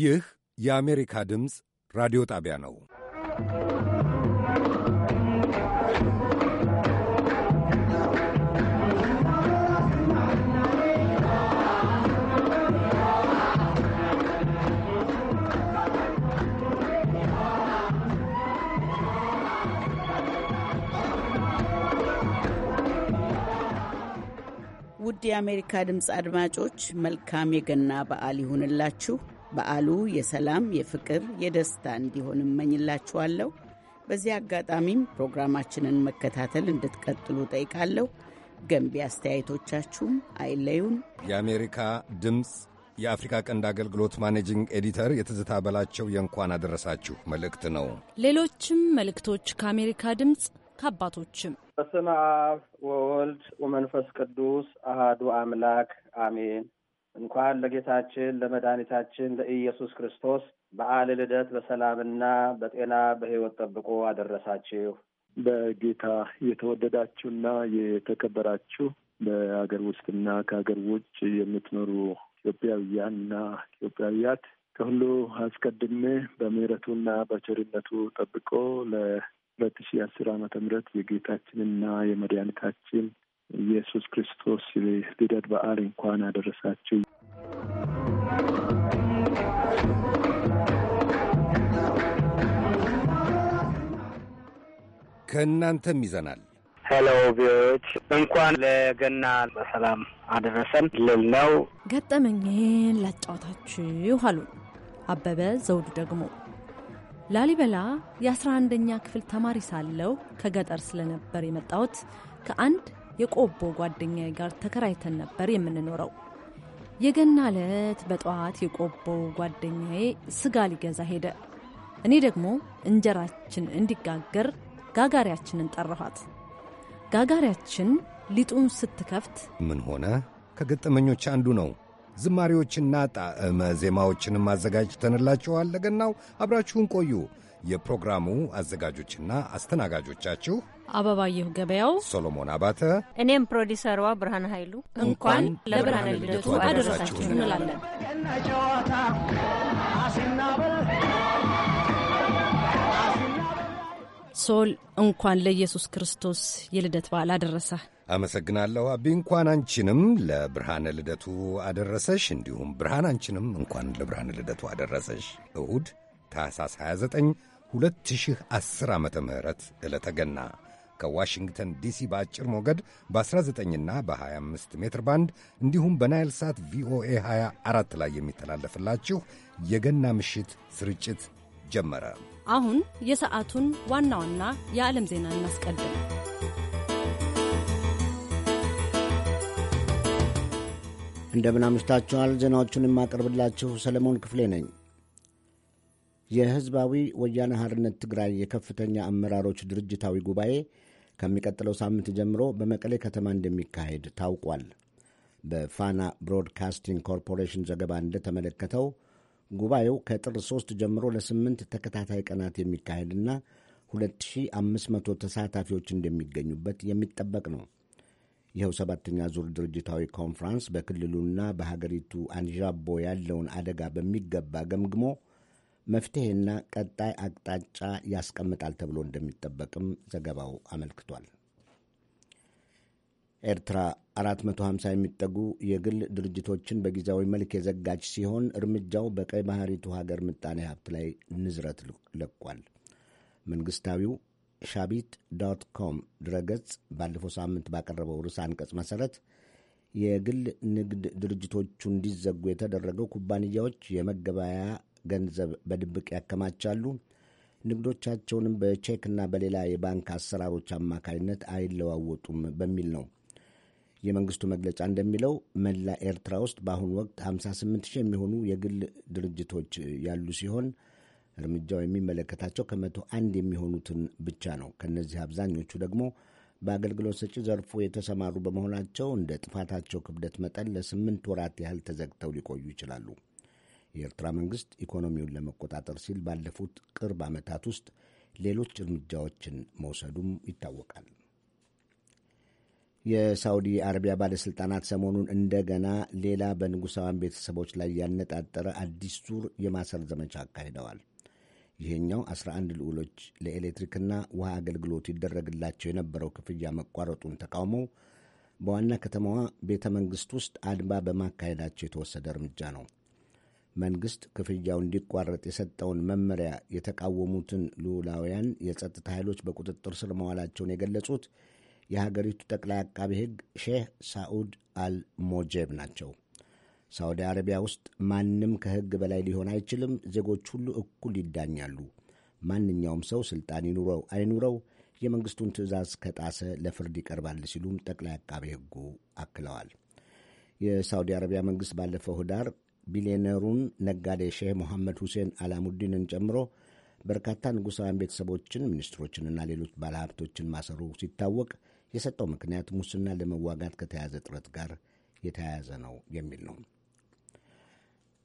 ይህ የአሜሪካ ድምፅ ራዲዮ ጣቢያ ነው። ውድ የአሜሪካ ድምፅ አድማጮች መልካም የገና በዓል ይሁንላችሁ። በዓሉ የሰላም፣ የፍቅር፣ የደስታ እንዲሆን እመኝላችኋለሁ። በዚህ አጋጣሚም ፕሮግራማችንን መከታተል እንድትቀጥሉ ጠይቃለሁ። ገንቢ አስተያየቶቻችሁም አይለዩን። የአሜሪካ ድምፅ የአፍሪካ ቀንድ አገልግሎት ማኔጂንግ ኤዲተር የትዝታ በላቸው የእንኳን አደረሳችሁ መልእክት ነው። ሌሎችም መልእክቶች ከአሜሪካ ድምፅ ከአባቶችም በስመ አብ ወወልድ ወመንፈስ ቅዱስ አህዱ አምላክ አሜን። እንኳን ለጌታችን ለመድኃኒታችን ለኢየሱስ ክርስቶስ በዓል ልደት በሰላምና በጤና በሕይወት ጠብቆ አደረሳችሁ። በጌታ የተወደዳችሁና የተከበራችሁ በሀገር ውስጥና ከሀገር ውጭ የምትኖሩ ኢትዮጵያውያንና ኢትዮጵያውያት ከሁሉ አስቀድሜ በምሕረቱና በቸርነቱ ጠብቆ ለ ሁለት ሺህ አስር ዓመተ ምህረት የጌታችንና የመድኃኒታችን ኢየሱስ ክርስቶስ ልደት በዓል እንኳን አደረሳችሁ። ከእናንተም ይዘናል። ሄሎ ቪዎች እንኳን ለገና በሰላም አደረሰን ልል ነው። ገጠመኝን ላጫወታችሁ አሉ አበበ ዘውዱ። ደግሞ ላሊበላ 11 ኛ ክፍል ተማሪ ሳለው ከገጠር ስለነበር የመጣሁት ከአንድ የቆቦ ጓደኛዬ ጋር ተከራይተን ነበር የምንኖረው። የገና ዕለት በጠዋት የቆቦ ጓደኛዬ ስጋ ሊገዛ ሄደ። እኔ ደግሞ እንጀራችን እንዲጋገር ጋጋሪያችንን ጠራኋት። ጋጋሪያችን ሊጡን ስትከፍት ምን ሆነ? ከገጠመኞች አንዱ ነው። ዝማሪዎችና ጣዕመ ዜማዎችንም አዘጋጅተንላችኋል። ለገናው አብራችሁን ቆዩ። የፕሮግራሙ አዘጋጆችና አስተናጋጆቻችሁ አበባየሁ ገበያው፣ ሶሎሞን አባተ፣ እኔም ፕሮዲሰሯ ብርሃን ኃይሉ እንኳን ለብርሃነ ልደቱ አደረሳችሁ እንላለን። ሶል እንኳን ለኢየሱስ ክርስቶስ የልደት በዓል አደረሰ። አመሰግናለሁ አቢ። እንኳን አንቺንም ለብርሃነ ልደቱ አደረሰሽ። እንዲሁም ብርሃን አንቺንም እንኳን ለብርሃነ ልደቱ አደረሰሽ። እሁድ ታህሳስ 29 2010 ዓ ም ዕለተ ገና ከዋሽንግተን ዲሲ በአጭር ሞገድ በ19ና በ25 ሜትር ባንድ እንዲሁም በናይል ሳት ቪኦኤ 24 ላይ የሚተላለፍላችሁ የገና ምሽት ስርጭት ጀመረ። አሁን የሰዓቱን ዋና ዋና የዓለም ዜና እናስቀድም። እንደምን አምሽታችኋል። ዜናዎቹን የማቀርብላችሁ ሰለሞን ክፍሌ ነኝ። የሕዝባዊ ወያነ ሐርነት ትግራይ የከፍተኛ አመራሮች ድርጅታዊ ጉባኤ ከሚቀጥለው ሳምንት ጀምሮ በመቀሌ ከተማ እንደሚካሄድ ታውቋል። በፋና ብሮድካስቲንግ ኮርፖሬሽን ዘገባ እንደተመለከተው ጉባኤው ከጥር 3 ጀምሮ ለስምንት ተከታታይ ቀናት የሚካሄድና 2500 ተሳታፊዎች እንደሚገኙበት የሚጠበቅ ነው። ይኸው ሰባተኛ ዙር ድርጅታዊ ኮንፍራንስ በክልሉና በሀገሪቱ አንዣቦ ያለውን አደጋ በሚገባ ገምግሞ መፍትሄና ቀጣይ አቅጣጫ ያስቀምጣል ተብሎ እንደሚጠበቅም ዘገባው አመልክቷል። ኤርትራ 450 የሚጠጉ የግል ድርጅቶችን በጊዜያዊ መልክ የዘጋች ሲሆን እርምጃው በቀይ ባህሪቱ ሀገር ምጣኔ ሀብት ላይ ንዝረት ለቋል። መንግስታዊው ሻቢት ዶት ኮም ድረገጽ ባለፈው ሳምንት ባቀረበው ርዕስ አንቀጽ መሠረት የግል ንግድ ድርጅቶቹ እንዲዘጉ የተደረገው ኩባንያዎች የመገበያያ ገንዘብ በድብቅ ያከማቻሉ፣ ንግዶቻቸውንም በቼክና በሌላ የባንክ አሰራሮች አማካኝነት አይለዋወጡም በሚል ነው። የመንግስቱ መግለጫ እንደሚለው መላ ኤርትራ ውስጥ በአሁኑ ወቅት 58 ሺህ የሚሆኑ የግል ድርጅቶች ያሉ ሲሆን እርምጃው የሚመለከታቸው ከመቶ አንድ የሚሆኑትን ብቻ ነው። ከእነዚህ አብዛኞቹ ደግሞ በአገልግሎት ሰጪ ዘርፉ የተሰማሩ በመሆናቸው እንደ ጥፋታቸው ክብደት መጠን ለስምንት ወራት ያህል ተዘግተው ሊቆዩ ይችላሉ። የኤርትራ መንግሥት ኢኮኖሚውን ለመቆጣጠር ሲል ባለፉት ቅርብ ዓመታት ውስጥ ሌሎች እርምጃዎችን መውሰዱም ይታወቃል። የሳውዲ አረቢያ ባለሥልጣናት ሰሞኑን እንደገና ሌላ በንጉሳውያን ቤተሰቦች ላይ ያነጣጠረ አዲስ ዙር የማሰር ዘመቻ አካሂደዋል። ይህኛው 11 ልዑሎች ለኤሌክትሪክና ውሃ አገልግሎት ይደረግላቸው የነበረው ክፍያ መቋረጡን ተቃውመው በዋና ከተማዋ ቤተ መንግሥት ውስጥ አድማ በማካሄዳቸው የተወሰደ እርምጃ ነው። መንግሥት ክፍያው እንዲቋረጥ የሰጠውን መመሪያ የተቃወሙትን ልዑላውያን የጸጥታ ኃይሎች በቁጥጥር ስር መዋላቸውን የገለጹት የሀገሪቱ ጠቅላይ አቃቢ ሕግ ሼህ ሳዑድ አል ሞጀብ ናቸው። ሳዑዲ አረቢያ ውስጥ ማንም ከሕግ በላይ ሊሆን አይችልም፣ ዜጎች ሁሉ እኩል ይዳኛሉ። ማንኛውም ሰው ስልጣን ይኑረው አይኑረው የመንግስቱን ትዕዛዝ ከጣሰ ለፍርድ ይቀርባል ሲሉም ጠቅላይ አቃቤ ሕጉ አክለዋል። የሳዑዲ አረቢያ መንግስት ባለፈው ኅዳር ቢሊዮነሩን ነጋዴ ሼህ ሞሐመድ ሁሴን አላሙዲንን ጨምሮ በርካታ ንጉሳውያን ቤተሰቦችን፣ ሚኒስትሮችንና ሌሎች ባለሀብቶችን ማሰሩ ሲታወቅ የሰጠው ምክንያት ሙስና ለመዋጋት ከተያዘ ጥረት ጋር የተያያዘ ነው የሚል ነው።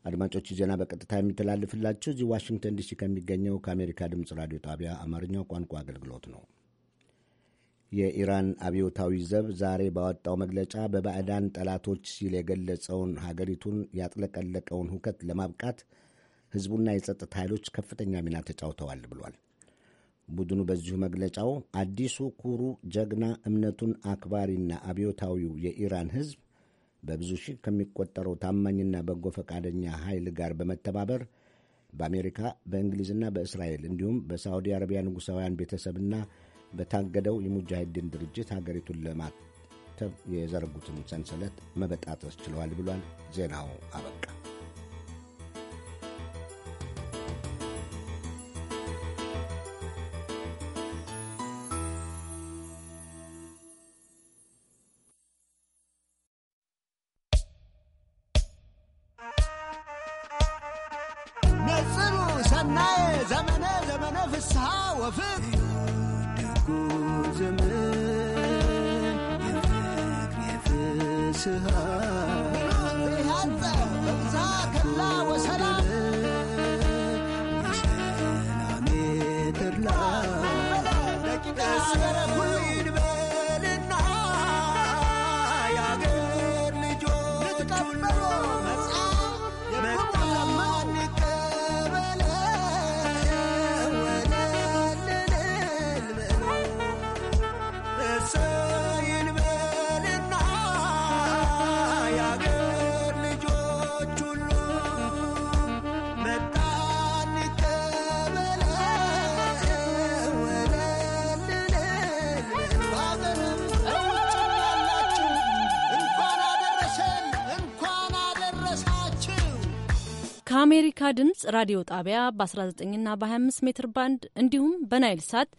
አድማጮች ዜና በቀጥታ የሚተላልፍላችሁ እዚህ ዋሽንግተን ዲሲ ከሚገኘው ከአሜሪካ ድምፅ ራዲዮ ጣቢያ አማርኛው ቋንቋ አገልግሎት ነው። የኢራን አብዮታዊ ዘብ ዛሬ ባወጣው መግለጫ በባዕዳን ጠላቶች ሲል የገለጸውን ሀገሪቱን ያጥለቀለቀውን ሁከት ለማብቃት ሕዝቡና የጸጥታ ኃይሎች ከፍተኛ ሚና ተጫውተዋል ብሏል። ቡድኑ በዚሁ መግለጫው አዲሱ ኩሩ ጀግና እምነቱን አክባሪና አብዮታዊው የኢራን ሕዝብ በብዙ ሺህ ከሚቆጠረው ታማኝና በጎ ፈቃደኛ ኃይል ጋር በመተባበር በአሜሪካ በእንግሊዝና በእስራኤል እንዲሁም በሳዑዲ አረቢያ ንጉሳውያን ቤተሰብና በታገደው የሙጃሂድን ድርጅት ሀገሪቱን ለማተብ የዘረጉትን ሰንሰለት መበጣጠስ ችለዋል ብሏል። ዜናው አበቃ። የአሜሪካ ድምፅ ራዲዮ ጣቢያ በ19ና በ25 ሜትር ባንድ እንዲሁም በናይል ሳት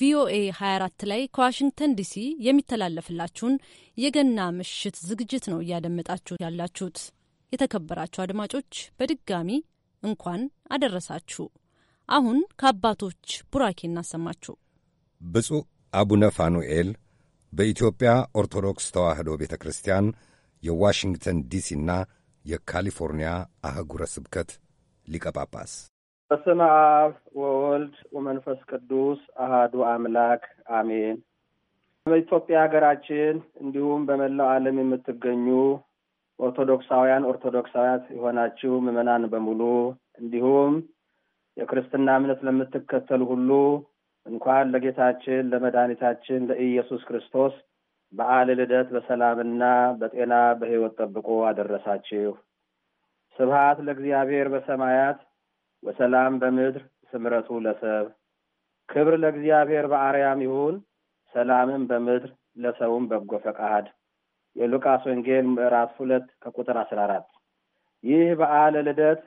ቪኦኤ 24 ላይ ከዋሽንግተን ዲሲ የሚተላለፍላችሁን የገና ምሽት ዝግጅት ነው እያደመጣችሁ ያላችሁት። የተከበራችሁ አድማጮች በድጋሚ እንኳን አደረሳችሁ። አሁን ከአባቶች ቡራኬ እናሰማችሁ። ብፁዕ አቡነ ፋኑኤል በኢትዮጵያ ኦርቶዶክስ ተዋሕዶ ቤተ ክርስቲያን የዋሽንግተን ዲሲና የካሊፎርኒያ አህጉረ ስብከት ሊቀ ጳጳስ። በስመ አብ ወወልድ ወመንፈስ ቅዱስ አሃዱ አምላክ አሜን። በኢትዮጵያ ሀገራችን እንዲሁም በመላው ዓለም የምትገኙ ኦርቶዶክሳውያን ኦርቶዶክሳውያት የሆናችሁ ምዕመናን በሙሉ እንዲሁም የክርስትና እምነት ለምትከተሉ ሁሉ እንኳን ለጌታችን ለመድኃኒታችን ለኢየሱስ ክርስቶስ በአል ልደት በሰላምና በጤና በሕይወት ጠብቆ አደረሳችሁ። ስብሐት ለእግዚአብሔር በሰማያት ወሰላም በምድር ስምረቱ ለሰብ። ክብር ለእግዚአብሔር በአርያም ይሁን ሰላምም በምድር ለሰውም በጎ ፈቃድ። የሉቃስ ወንጌል ምዕራፍ ሁለት ከቁጥር አስራ አራት ይህ በዓለ ልደት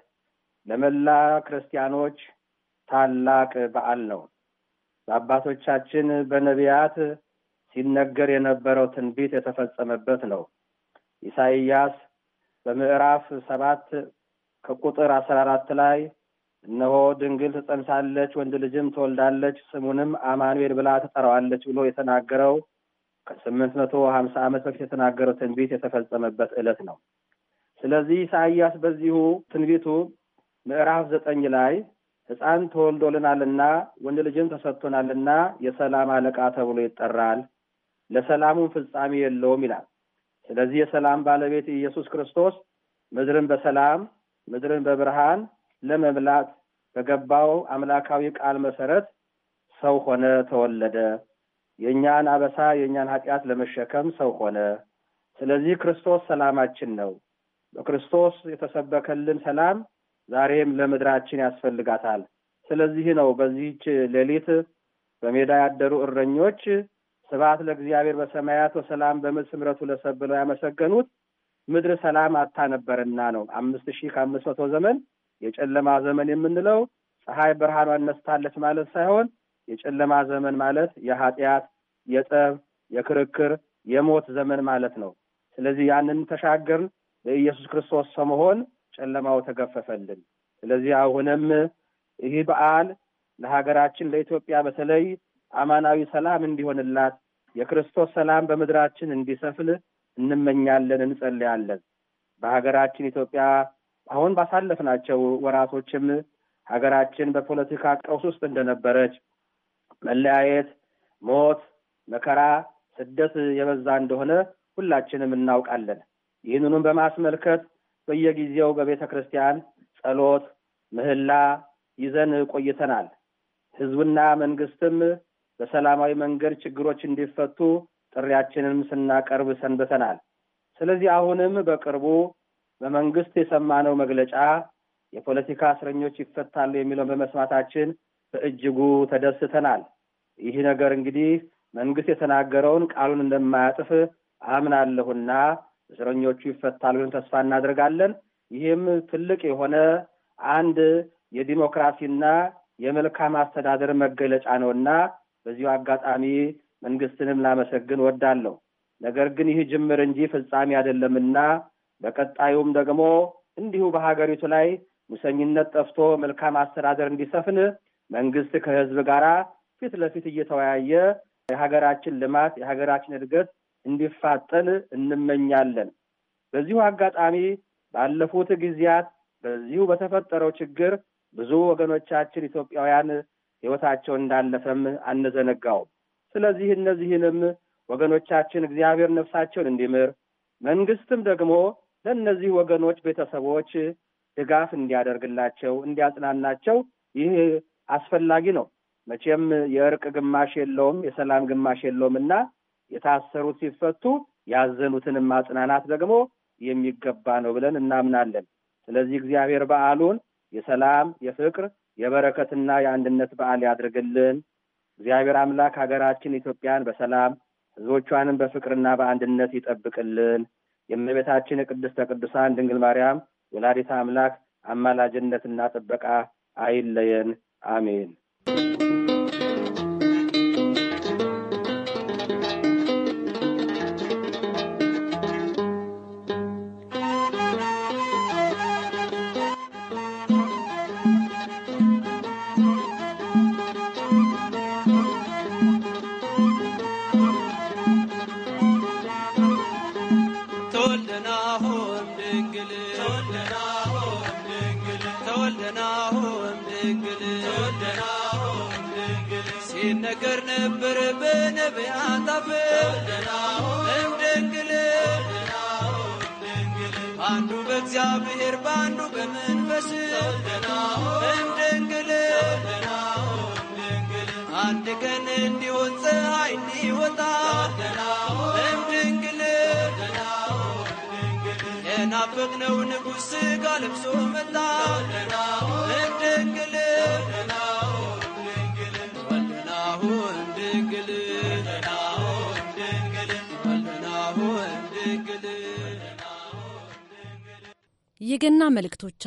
ለመላ ክርስቲያኖች ታላቅ በዓል ነው። በአባቶቻችን በነቢያት ሲነገር የነበረው ትንቢት የተፈጸመበት ነው። ኢሳይያስ በምዕራፍ ሰባት ከቁጥር አስራ አራት ላይ እነሆ ድንግል ትጸንሳለች ወንድ ልጅም ትወልዳለች ስሙንም አማኑኤል ብላ ትጠራዋለች ብሎ የተናገረው ከስምንት መቶ ሀምሳ ዓመት በፊት የተናገረው ትንቢት የተፈጸመበት ዕለት ነው። ስለዚህ ኢሳያስ በዚሁ ትንቢቱ ምዕራፍ ዘጠኝ ላይ ሕፃን ተወልዶልናልና ወንድ ልጅም ተሰጥቶናልና የሰላም አለቃ ተብሎ ይጠራል፣ ለሰላሙም ፍጻሜ የለውም ይላል። ስለዚህ የሰላም ባለቤት ኢየሱስ ክርስቶስ ምድርን በሰላም ምድርን በብርሃን ለመምላት በገባው አምላካዊ ቃል መሰረት ሰው ሆነ፣ ተወለደ። የእኛን አበሳ የእኛን ኃጢአት ለመሸከም ሰው ሆነ። ስለዚህ ክርስቶስ ሰላማችን ነው። በክርስቶስ የተሰበከልን ሰላም ዛሬም ለምድራችን ያስፈልጋታል። ስለዚህ ነው በዚህች ሌሊት በሜዳ ያደሩ እረኞች ስብሐት ለእግዚአብሔር በሰማያት ወሰላም በምድር ስምረቱ ለሰብ ብለው ያመሰገኑት ምድር ሰላም አታ ነበርና ነው። አምስት ሺህ ከአምስት መቶ ዘመን የጨለማ ዘመን የምንለው ፀሐይ ብርሃኗን ነስታለች ማለት ሳይሆን የጨለማ ዘመን ማለት የኃጢአት፣ የጠብ፣ የክርክር፣ የሞት ዘመን ማለት ነው። ስለዚህ ያንን ተሻገርን። በኢየሱስ ክርስቶስ ሰመሆን ጨለማው ተገፈፈልን። ስለዚህ አሁንም ይህ በዓል ለሀገራችን ለኢትዮጵያ በተለይ አማናዊ ሰላም እንዲሆንላት የክርስቶስ ሰላም በምድራችን እንዲሰፍል እንመኛለን፣ እንጸልያለን። በሀገራችን ኢትዮጵያ አሁን ባሳለፍናቸው ወራቶችም ሀገራችን በፖለቲካ ቀውስ ውስጥ እንደነበረች፣ መለያየት፣ ሞት፣ መከራ፣ ስደት የበዛ እንደሆነ ሁላችንም እናውቃለን። ይህንኑም በማስመልከት በየጊዜው በቤተ ክርስቲያን ጸሎት፣ ምህላ ይዘን ቆይተናል። ህዝብና መንግስትም በሰላማዊ መንገድ ችግሮች እንዲፈቱ ጥሪያችንንም ስናቀርብ ሰንብተናል። ስለዚህ አሁንም በቅርቡ በመንግስት የሰማነው መግለጫ የፖለቲካ እስረኞች ይፈታሉ የሚለውን በመስማታችን በእጅጉ ተደስተናል። ይህ ነገር እንግዲህ መንግስት የተናገረውን ቃሉን እንደማያጥፍ አምናለሁና እስረኞቹ ይፈታሉ ተስፋ እናደርጋለን። ይህም ትልቅ የሆነ አንድ የዲሞክራሲና የመልካም አስተዳደር መገለጫ ነውና በዚሁ አጋጣሚ መንግስትንም ላመሰግን ወዳለሁ። ነገር ግን ይህ ጅምር እንጂ ፍጻሜ አይደለምና በቀጣዩም ደግሞ እንዲሁ በሀገሪቱ ላይ ሙሰኝነት ጠፍቶ መልካም አስተዳደር እንዲሰፍን መንግስት ከህዝብ ጋር ፊት ለፊት እየተወያየ የሀገራችን ልማት የሀገራችን እድገት እንዲፋጠን እንመኛለን። በዚሁ አጋጣሚ ባለፉት ጊዜያት በዚሁ በተፈጠረው ችግር ብዙ ወገኖቻችን ኢትዮጵያውያን ሕይወታቸው እንዳለፈም አንዘነጋውም። ስለዚህ እነዚህንም ወገኖቻችን እግዚአብሔር ነፍሳቸውን እንዲምር መንግስትም ደግሞ ለእነዚህ ወገኖች ቤተሰቦች ድጋፍ እንዲያደርግላቸው እንዲያጽናናቸው ይህ አስፈላጊ ነው። መቼም የእርቅ ግማሽ የለውም፣ የሰላም ግማሽ የለውም እና የታሰሩት ሲፈቱ ያዘኑትንም ማጽናናት ደግሞ የሚገባ ነው ብለን እናምናለን። ስለዚህ እግዚአብሔር በዓሉን የሰላም የፍቅር የበረከትና የአንድነት በዓል ያድርግልን። እግዚአብሔር አምላክ ሀገራችን ኢትዮጵያን በሰላም ህዝቦቿንም በፍቅርና በአንድነት ይጠብቅልን። የእመቤታችን ቅድስተ ቅዱሳን ድንግል ማርያም ወላዲተ አምላክ አማላጅነትና ጥበቃ አይለየን። አሜን።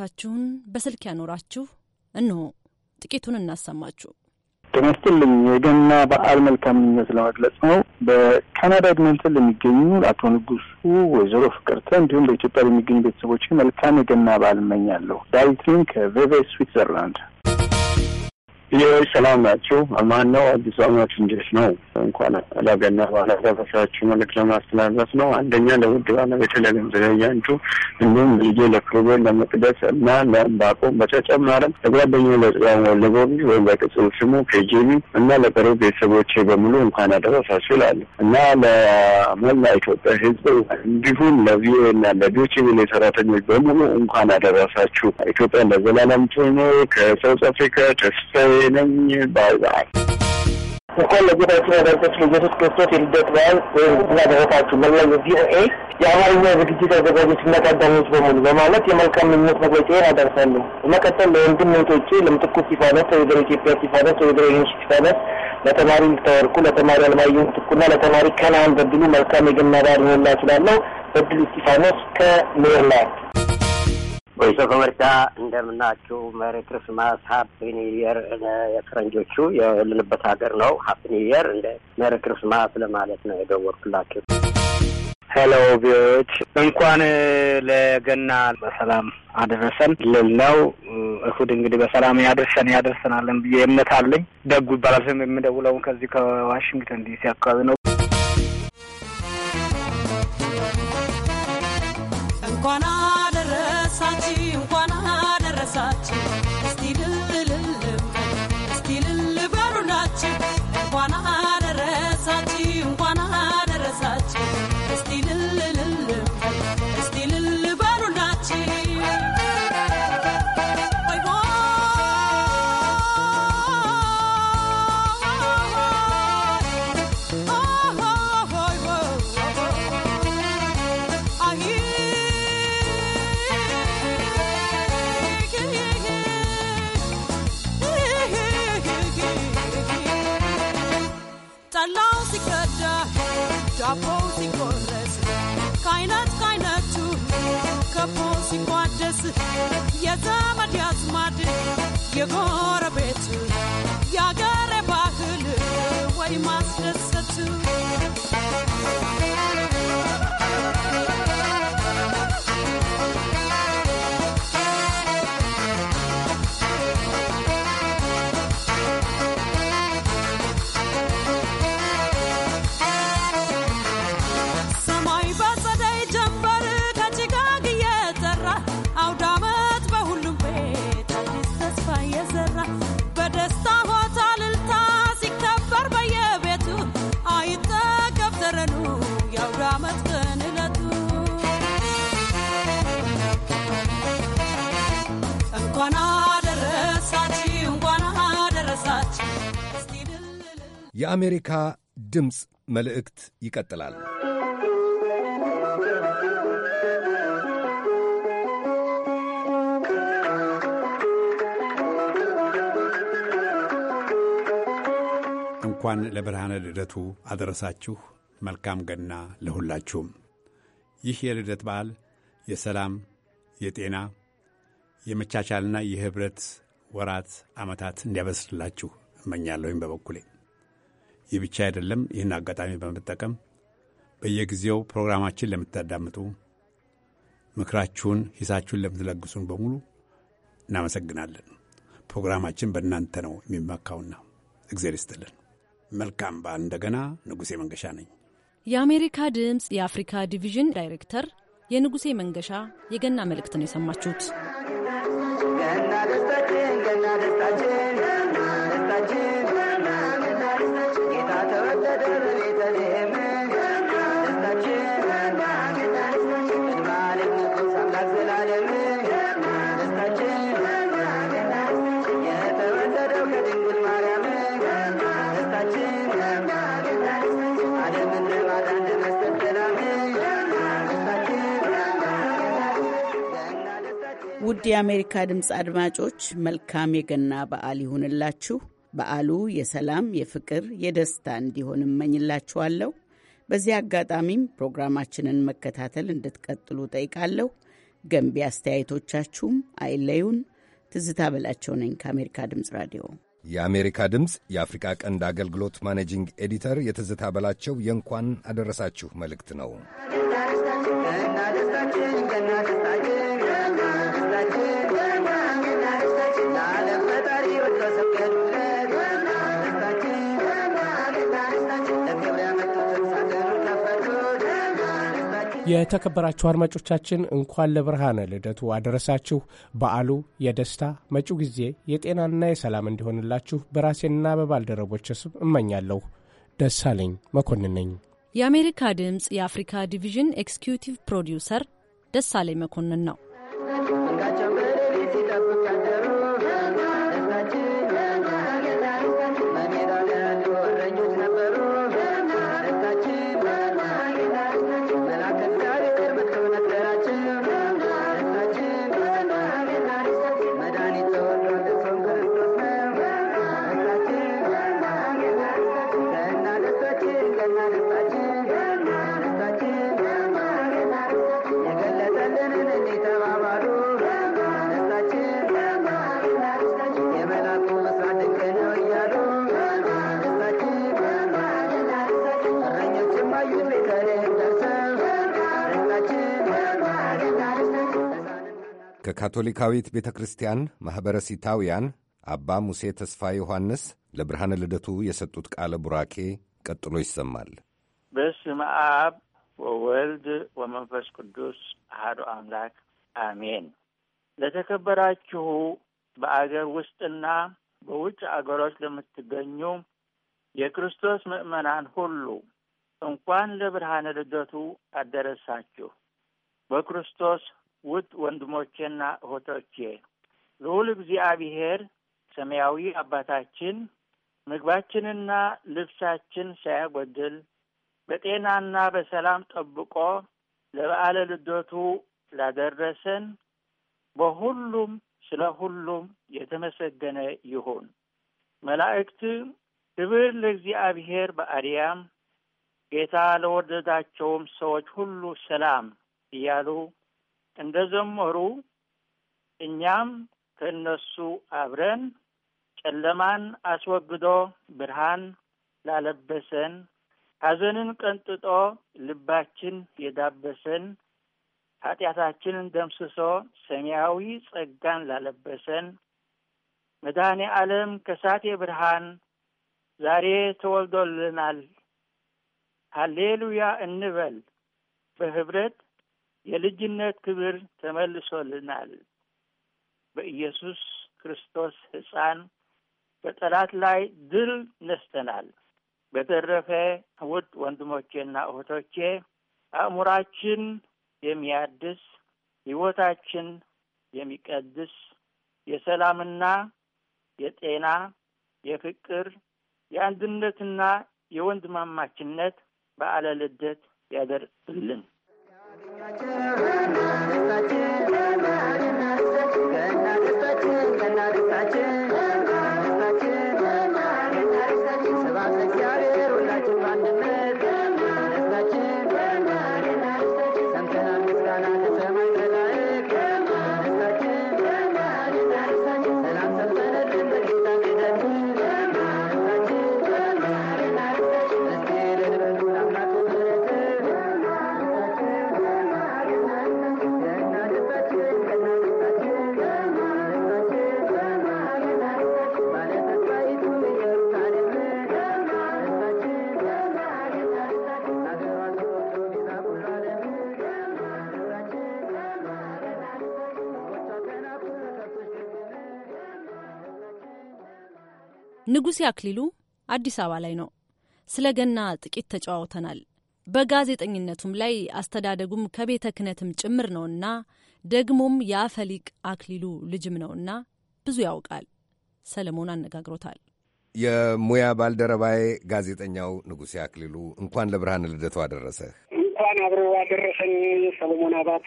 አስተያየቶቻችሁን በስልክ ያኖራችሁ እንሆ ጥቂቱን እናሰማችሁ። ጤና ይስጥልኝ። የገና በዓል መልካም ምኞት ለመግለጽ ነው። በካናዳ ኤድመንተን ለሚገኙ አቶ ንጉሱ፣ ወይዘሮ ፍቅርተ እንዲሁም በኢትዮጵያ ለሚገኙ ቤተሰቦች መልካም የገና በዓል እመኛለሁ። ዳዊትሪን ከቬቬ ስዊትዘርላንድ። ይህ ሰላም ናችሁ? አማን ነው። አዲስ አመት እንዴት ነው? እንኳን ለገና በዓል አደረሳችሁ መልዕክት ለማስተላለፍ ነው። አንደኛ ለውድ ባለቤት ለገንዘበያንቹ፣ እንዲሁም ልጄ ለክሩቤል፣ ለመቅደስ እና ለእምባቆም በተጨማሪም ለጓደኛ ለጽዮን ወልደጎቢ ወይም በቅጽል ስሙ ከጄቢ እና ለቀሩ ቤተሰቦቼ በሙሉ እንኳን አደረሳችሁ ይላሉ እና ለመላ ኢትዮጵያ ሕዝብ እንዲሁም ለቪኦኤ እና ለዶቼ ቬለ ሰራተኞች በሙሉ እንኳን አደረሳችሁ። ኢትዮጵያ ለዘላለም ትኑር። ከሳውዝ አፍሪካ ተስፋዬ ነኝ። ባይ ባይ። እንኳን ለጌታችን ያደረሰች ኢየሱስ ክርስቶስ የልደት በዓል በዝግጅት አደረሳችሁ። መላው ቪኦኤ የአማርኛ ዝግጅት አዘጋጆችና ታዳሚዎች በሙሉ በማለት የመልካም ምኞት መግለጫዬን አደርሳለሁ። በመቀጠል ለወንድም እህቶቼ ለምትኩ እስጢፋኖስ፣ ተወይዘሮ ኢትዮጵያ እስጢፋኖስ፣ ተወይዘሮ ሌሎች እስጢፋኖስ፣ ለተማሪ ልታወርቁ፣ ለተማሪ አለማየሁ ምትኩና ለተማሪ ከናን በድሉ መልካም የገና በዓል ይሆንላችሁ በድሉ እስጢፋኖስ ከሜርላንድ ወይሶ ኮመርሳ እንደምናችሁ መሪ ክርስማስ ሀፕ ኒየር የፈረንጆቹ የልንበት ሀገር ነው። ሀፕ ኒየር እንደ መሪ ክርስማስ ለማለት ነው የደወልኩላችሁ። ሄሎ ቪዎች እንኳን ለገና በሰላም አደረሰን ልል ነው። እሁድ እንግዲህ በሰላም ያደርሰን ያደርሰናለን ብዬ እምነት አለኝ። ደጉ ይባላል ስም የምደውለውን ከዚህ ከዋሽንግተን ዲሲ አካባቢ ነው። እንኳን ደረሳችሁ እንኳን አደረሳችሁ ዳቦው ሲጎረስ ካይናት ካይናቱ ከቦ ሲቋደስ የዘመድ ያዝማድ የጎረቤቱ ያገ የአሜሪካ ድምፅ መልእክት ይቀጥላል። እንኳን ለብርሃነ ልደቱ አደረሳችሁ። መልካም ገና ለሁላችሁም። ይህ የልደት በዓል የሰላም፣ የጤና፣ የመቻቻልና የህብረት ወራት ዓመታት እንዲያበስርላችሁ እመኛለሁኝ በበኩሌ ይህ ብቻ አይደለም። ይህን አጋጣሚ በመጠቀም በየጊዜው ፕሮግራማችን ለምታዳምጡ ምክራችሁን፣ ሂሳችሁን ለምትለግሱን በሙሉ እናመሰግናለን። ፕሮግራማችን በእናንተ ነው የሚመካውና እግዜር ይስጥልን። መልካም በዓል። እንደገና ንጉሴ መንገሻ ነኝ። የአሜሪካ ድምፅ የአፍሪካ ዲቪዥን ዳይሬክተር የንጉሴ መንገሻ የገና መልእክት ነው የሰማችሁት። ገና ደስታችን ገና ደስታችን ውድ የአሜሪካ ድምፅ አድማጮች መልካም የገና በዓል ይሁንላችሁ። በዓሉ የሰላም፣ የፍቅር፣ የደስታ እንዲሆን እመኝላችኋለሁ። በዚህ አጋጣሚም ፕሮግራማችንን መከታተል እንድትቀጥሉ ጠይቃለሁ። ገንቢ አስተያየቶቻችሁም አይለዩን። ትዝታ በላቸው ነኝ ከአሜሪካ ድምፅ ራዲዮ። የአሜሪካ ድምፅ የአፍሪካ ቀንድ አገልግሎት ማኔጂንግ ኤዲተር የትዝታ በላቸው የእንኳን አደረሳችሁ መልእክት ነው። የተከበራችሁ አድማጮቻችን እንኳን ለብርሃነ ልደቱ አደረሳችሁ። በዓሉ የደስታ መጪው ጊዜ የጤናና የሰላም እንዲሆንላችሁ በራሴና በባልደረቦች ስም እመኛለሁ። ደሳለኝ መኮንን ነኝ። የአሜሪካ ድምፅ የአፍሪካ ዲቪዥን ኤክስኪዩቲቭ ፕሮዲውሰር ደሳለኝ መኮንን ነው። ከካቶሊካዊት ቤተ ክርስቲያን ሲታውያን አባ ሙሴ ተስፋ ዮሐንስ ለብርሃነ ልደቱ የሰጡት ቃለ ቡራኬ ቀጥሎ ይሰማል። በስመ አብ ወወልድ ወመንፈስ ቅዱስ አሐዱ አምላክ አሜን። ለተከበራችሁ በአገር ውስጥና በውጭ አገሮች ለምትገኙ የክርስቶስ ምዕመናን ሁሉ እንኳን ለብርሃነ ልደቱ አደረሳችሁ። በክርስቶስ ውድ ወንድሞቼና እህቶቼ ልዑል እግዚአብሔር ሰማያዊ አባታችን ምግባችንና ልብሳችን ሳያጎድል በጤናና በሰላም ጠብቆ ለበዓለ ልደቱ ላደረሰን በሁሉም ስለ ሁሉም የተመሰገነ ይሁን። መላእክት ክብር ለእግዚአብሔር በአርያም ጌታ ለወደዳቸውም ሰዎች ሁሉ ሰላም እያሉ እንደ ዘመሩ እኛም ከእነሱ አብረን ጨለማን አስወግዶ ብርሃን ላለበሰን ሐዘንን ቀንጥጦ ልባችን የዳበሰን ኃጢአታችንን ደምስሶ ሰማያዊ ጸጋን ላለበሰን መድኃኔ ዓለም ከሳቴ ብርሃን ዛሬ ተወልዶልናል። ሀሌሉያ እንበል በህብረት የልጅነት ክብር ተመልሶልናል። በኢየሱስ ክርስቶስ ሕፃን በጠላት ላይ ድል ነስተናል። በተረፈ ውድ ወንድሞቼና እህቶቼ አእምሯችን የሚያድስ ሕይወታችን የሚቀድስ የሰላምና የጤና የፍቅር የአንድነትና የወንድማማችነት በዓለ ልደት you. ንጉሴ አክሊሉ አዲስ አበባ ላይ ነው። ስለ ገና ጥቂት ተጨዋውተናል። በጋዜጠኝነቱም ላይ አስተዳደጉም ከቤተ ክህነትም ጭምር ነውና ደግሞም የአፈሊቅ አክሊሉ ልጅም ነውና ብዙ ያውቃል። ሰለሞን አነጋግሮታል። የሙያ ባልደረባዬ ጋዜጠኛው ንጉሴ አክሊሉ እንኳን ለብርሃን ልደቱ አደረሰህ። እንኳን አብሮ አደረሰኝ ሰለሞን አባተ፣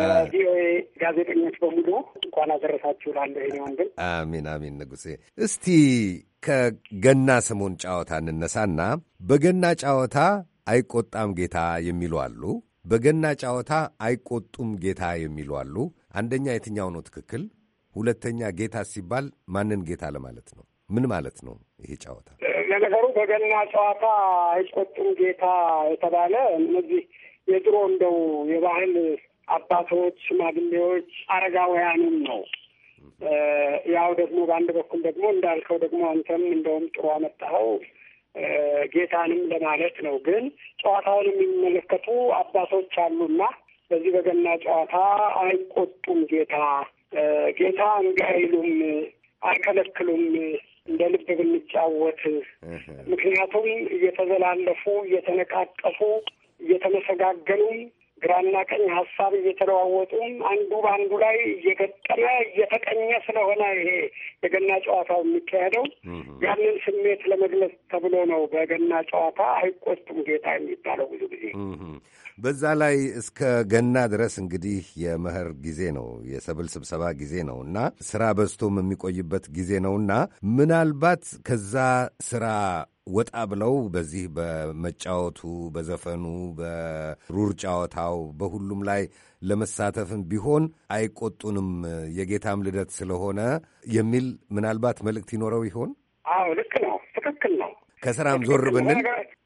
ለቪኦኤ ጋዜጠኞች በሙሉ እንኳን አደረሳችሁ ላለ ወንድም። አሚን አሚን። ንጉሴ እስቲ ከገና ሰሞን ጨዋታ እንነሳና በገና ጨዋታ አይቆጣም ጌታ የሚሉ አሉ፣ በገና ጨዋታ አይቆጡም ጌታ የሚሉ አሉ። አንደኛ የትኛው ነው ትክክል? ሁለተኛ ጌታ ሲባል ማንን ጌታ ለማለት ነው? ምን ማለት ነው ይሄ ጨዋታ? ለነገሩ በገና ጨዋታ አይቆጡም ጌታ የተባለ እነዚህ የድሮ እንደው የባህል አባቶች፣ ሽማግሌዎች፣ አረጋውያንም ነው ያው ደግሞ በአንድ በኩል ደግሞ እንዳልከው ደግሞ አንተም እንደውም ጥሩ አመጣኸው ጌታንም ለማለት ነው። ግን ጨዋታውን የሚመለከቱ አባቶች አሉና በዚህ በገና ጨዋታ አይቆጡም፣ ጌታ ጌታ እንቢ አይከለክሉም እንደ ልብ ብንጫወት። ምክንያቱም እየተዘላለፉ እየተነቃቀፉ እየተመሰጋገሉም ግራና ቀኝ ሀሳብ እየተለዋወጡም አንዱ በአንዱ ላይ እየገጠመ እየተቀኘ ስለሆነ ይሄ የገና ጨዋታው የሚካሄደው ያንን ስሜት ለመግለጽ ተብሎ ነው። በገና ጨዋታ አይቆጡም ጌታ የሚባለው ብዙ ጊዜ በዛ ላይ እስከ ገና ድረስ እንግዲህ የመኸር ጊዜ ነው፣ የሰብል ስብሰባ ጊዜ ነው እና ስራ በዝቶም የሚቆይበት ጊዜ ነው እና ምናልባት ከዛ ስራ ወጣ ብለው በዚህ በመጫወቱ፣ በዘፈኑ፣ በሩር ጨዋታው፣ በሁሉም ላይ ለመሳተፍም ቢሆን አይቆጡንም የጌታም ልደት ስለሆነ የሚል ምናልባት መልእክት ይኖረው ይሆን? አዎ ልክ ነው። ትክክል ነው። ከስራም ዞር ብንል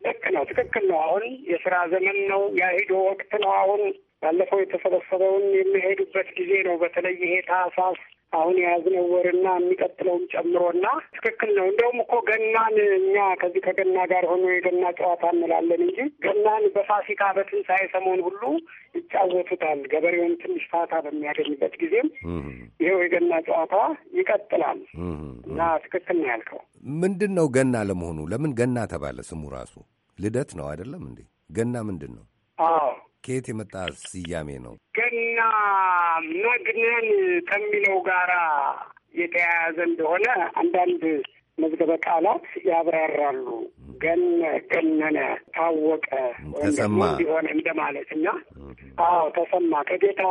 ልክ ነው። ትክክል ነው። አሁን የስራ ዘመን ነው። ያሄዶ ወቅት ነው። አሁን ባለፈው የተሰበሰበውን የሚሄዱበት ጊዜ ነው። በተለይ ይሄ ታህሳስ አሁን የያዝነው ወርና የሚቀጥለውም ጨምሮና ትክክል ነው። እንደውም እኮ ገናን እኛ ከዚህ ከገና ጋር ሆኖ የገና ጨዋታ እንላለን እንጂ ገናን በፋሲካ በትንሣኤ ሰሞን ሁሉ ይጫወቱታል። ገበሬውን ትንሽ ፋታ በሚያገኝበት ጊዜም ይኸው የገና ጨዋታ ይቀጥላል እና ትክክል ነው ያልከው። ምንድን ነው ገና ለመሆኑ? ለምን ገና ተባለ? ስሙ ራሱ ልደት ነው አይደለም እንዴ? ገና ምንድን ነው? አዎ ከየት የመጣ ስያሜ ነው? ገና መግነን ከሚለው ጋራ የተያያዘ እንደሆነ አንዳንድ መዝገበ ቃላት ያብራራሉ። ገነ ገነነ፣ ታወቀ፣ ተሰማ ሆነ እንደማለት እና አዎ ተሰማ ከጌታ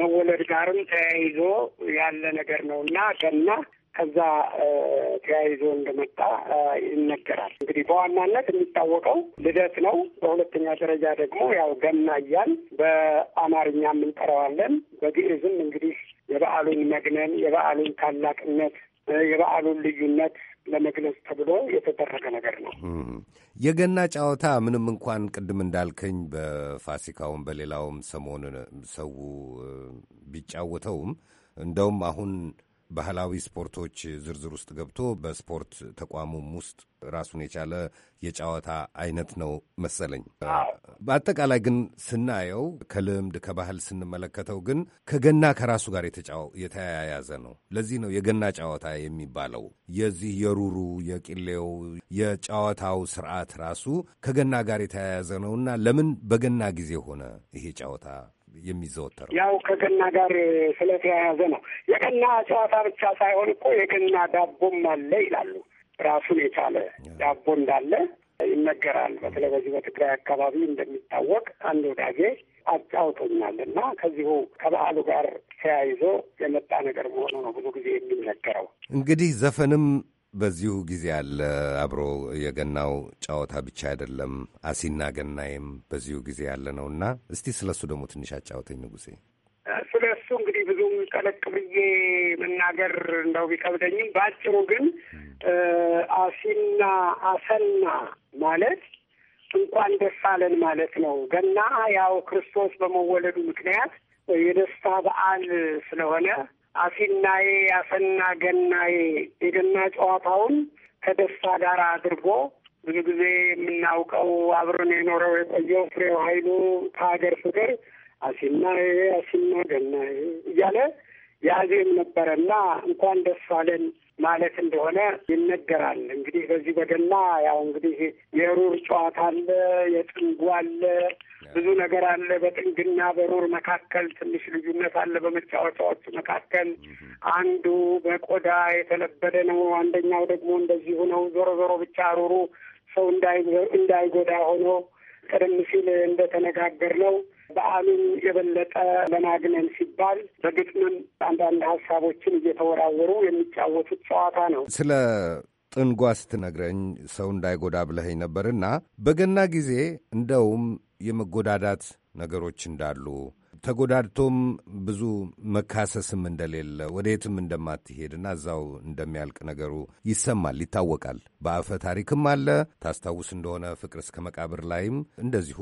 መወለድ ጋርም ተያይዞ ያለ ነገር ነው እና ገና ከዛ ተያይዞ እንደመጣ ይነገራል። እንግዲህ በዋናነት የሚታወቀው ልደት ነው። በሁለተኛ ደረጃ ደግሞ ያው ገና እያል በአማርኛ የምንጠራዋለን በግዕዝም እንግዲህ የበዓሉን መግነን፣ የበዓሉን ታላቅነት፣ የበዓሉን ልዩነት ለመግለጽ ተብሎ የተደረገ ነገር ነው። የገና ጨዋታ ምንም እንኳን ቅድም እንዳልከኝ በፋሲካውም በሌላውም ሰሞኑን ሰው ቢጫወተውም እንደውም አሁን ባህላዊ ስፖርቶች ዝርዝር ውስጥ ገብቶ በስፖርት ተቋሙም ውስጥ ራሱን የቻለ የጨዋታ አይነት ነው መሰለኝ። በአጠቃላይ ግን ስናየው ከልምድ ከባህል ስንመለከተው ግን ከገና ከራሱ ጋር የተያያዘ ነው። ለዚህ ነው የገና ጨዋታ የሚባለው። የዚህ የሩሩ የቅሌው የጨዋታው ስርዓት ራሱ ከገና ጋር የተያያዘ እና ለምን በገና ጊዜ ሆነ ይሄ ጨዋታ የሚዘወተረው? ያው ከገና ጋር ስለተያያዘ ነው። የገና ጨዋታ ብቻ ሳይሆን እኮ የገና ዳቦም አለ ይላሉ። ራሱን የቻለ ዳቦ እንዳለ ይነገራል። በተለይ በዚህ በትግራይ አካባቢ እንደሚታወቅ አንድ ወዳጄ አጫውቶኛል እና ከዚሁ ከበዓሉ ጋር ተያይዞ የመጣ ነገር መሆኑ ነው ብዙ ጊዜ የሚነገረው። እንግዲህ ዘፈንም በዚሁ ጊዜ አለ አብሮ የገናው ጨዋታ ብቻ አይደለም፣ አሲና ገናይም በዚሁ ጊዜ ያለ ነው እና እስቲ ስለ እሱ ደግሞ ትንሽ አጫውተኝ ንጉሴ። ስለ እሱ እንግዲህ ብዙም ጠለቅ ብዬ መናገር እንደው ቢከብደኝም በአጭሩ ግን አሲና አሰና ማለት እንኳን ደስ አለን ማለት ነው። ገና ያው ክርስቶስ በመወለዱ ምክንያት የደስታ በዓል ስለሆነ አሲናዬ አሰና ገናዬ የገና ጨዋታውን ከደስታ ጋር አድርጎ ብዙ ጊዜ የምናውቀው አብረን የኖረው የቆየው ፍሬው ኃይሉ ከሀገር ፍቅር አሲናዬ አሲና ገናዬ እያለ ያዜም ነበረና እንኳን ደስ አለን ማለት እንደሆነ ይነገራል። እንግዲህ በዚህ በገና ያው እንግዲህ የሩር ጨዋታ አለ፣ የጥንጉ አለ፣ ብዙ ነገር አለ። በጥንግና በሩር መካከል ትንሽ ልዩነት አለ። በመጫወቻዎቹ መካከል አንዱ በቆዳ የተለበደ ነው፣ አንደኛው ደግሞ እንደዚሁ ነው። ዞሮ ዞሮ ብቻ ሩሩ ሰው እንዳይጎዳ ሆኖ ቀደም ሲል እንደተነጋገር ነው በዓሉን የበለጠ ለማግነን ሲባል በግጥምም አንዳንድ ሀሳቦችን እየተወራወሩ የሚጫወቱት ጨዋታ ነው። ስለ ጥንጓ ስትነግረኝ ሰው እንዳይጎዳ ብለኸኝ ነበርና በገና ጊዜ እንደውም የመጎዳዳት ነገሮች እንዳሉ ተጎዳድቶም ብዙ መካሰስም እንደሌለ ወደየትም እንደማትሄድና እዛው እንደሚያልቅ ነገሩ ይሰማል፣ ይታወቃል። በአፈ ታሪክም አለ። ታስታውስ እንደሆነ ፍቅር እስከ መቃብር ላይም እንደዚሁ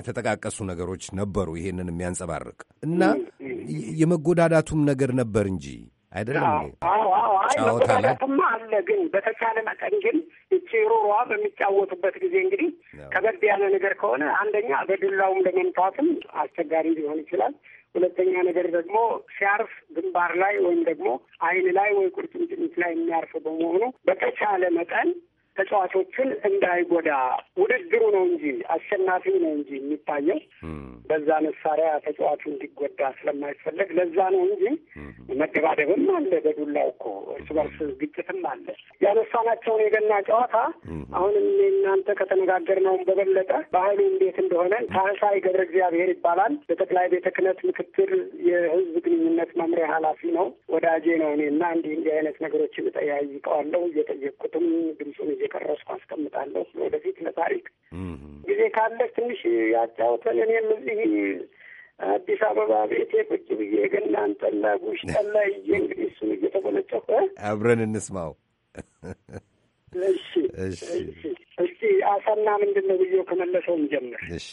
የተጠቃቀሱ ነገሮች ነበሩ፣ ይሄንን የሚያንጸባርቅ እና የመጎዳዳቱም ነገር ነበር እንጂ አይደለም ጫወታ ላይ አለ። ግን በተቻለ መጠን ግን እቺ ሩሯ በሚጫወቱበት ጊዜ እንግዲህ ከበድ ያለ ነገር ከሆነ አንደኛ በዱላውም ለመምታትም አስቸጋሪ ሊሆን ይችላል። ሁለተኛ ነገር ደግሞ ሲያርፍ ግንባር ላይ ወይም ደግሞ አይን ላይ ወይ ቁርጭምጭሚት ላይ የሚያርፍ በመሆኑ በተቻለ መጠን ተጫዋቾችን እንዳይጎዳ ውድድሩ ነው እንጂ አሸናፊው ነው እንጂ የሚታየው በዛ መሳሪያ ተጫዋቹ እንዲጎዳ ስለማይፈለግ ለዛ ነው እንጂ መደባደብም አለ፣ በዱላው እኮ እርስ በርስ ግጭትም አለ። ያነሳናቸውን የገና ጨዋታ አሁን እናንተ ከተነጋገርነውም በበለጠ ባህሉ እንዴት እንደሆነ ታህሳይ ገብረ እግዚአብሔር ይባላል። በጠቅላይ ቤተ ክህነት ምክትል የህዝብ ግንኙነት መምሪያ ኃላፊ ነው። ወዳጄ ነው እኔ እና እንዲህ እንዲህ አይነት ነገሮችን እጠያይቀዋለሁ እየጠየቅኩትም ድምፁን እየቀረስኩ አስቀምጣለሁ ወደፊት ለታሪክ ጊዜ ካለ ትንሽ ያጫውተን። እኔም እዚህ አዲስ አበባ ቤቴ ቁጭ ብዬ ገናን ጠላ ጉሽ ጠላ ይዤ እንግዲህ እሱን እየተጎነጨፈ አብረን እንስማው። እሺ እሺ እስቲ አሰና ምንድን ነው ብዬ ከመለሰው እንጀምር። እሺ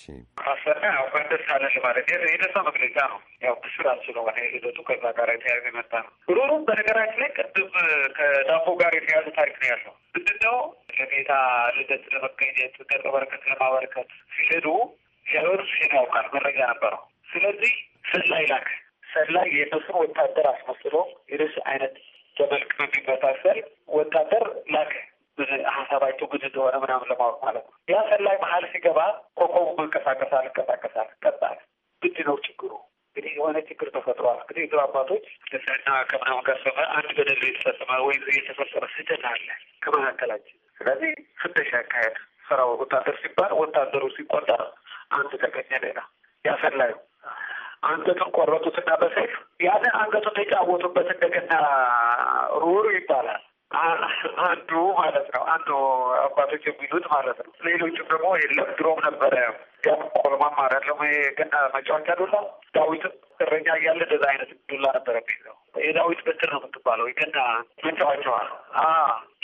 አሰና ያው ደስ አለሽ ማለት የደስታ መግለጫ ነው። ያው ክስ ራሱ ነው ሆነ ሂደቱ ከዛ ጋር የተያያዘ የመጣ ነው። ሩሩም በነገራችን ላይ ቅድም ከዳቦ ጋር የተያዘ ታሪክ ነው ያለው። ምንድን ነው ለጌታ ልደት ለመገኘት ገጠ በረከት ለማበረከት ሲሄዱ ሲያበርሱ ሄዱ ያውቃል፣ መረጃ ነበረው። ስለዚህ ሰላይ ላክ ሰላይ የእነሱን ወታደር አስመስሎ የደሱ አይነት በመልክ በሚበታሰል ወታደር ላክ ሀሳባቸው ግድ እንደሆነ ምናምን ለማወቅ ማለት ነው። ያ ሰላይ መሀል ሲገባ ኮከቡ መንቀሳቀሳል፣ እንቀሳቀሳል፣ ቀጣል ግድ ነው። ችግሩ እንግዲህ የሆነ ችግር ተፈጥሯል። እንግዲህ ድሮ አባቶች ደሳና ከምናምን ጋር አንድ በደል የተፈጸመ ወይም የተፈጸመ ስህተት አለ ከመካከላችን። ስለዚህ ፍተሻ ያካሄድ ስራው ወታደር ሲባል ወታደሩ ሲቆጠር አንድ ተገኘ ሌላ ያሰላዩ አንገቱን ቆረጡትና በሰይፍ ያንን አንገቱን የጫወቱበት እንደገና ሩሩ ይባላል። አንዱ ማለት ነው። አንዱ አባቶች የሚሉት ማለት ነው። ሌሎቹም ደግሞ የለም ድሮም ነበረ። ያም ቆልማ ማለት ነው። ገና መጫወቻ ዱላ ዳዊትም እረኛ እያለ እንደዛ አይነት ዱላ ነበረ ሚይዘው የዳዊት በትር ነው የምትባለው። ገና መጫወቻዋ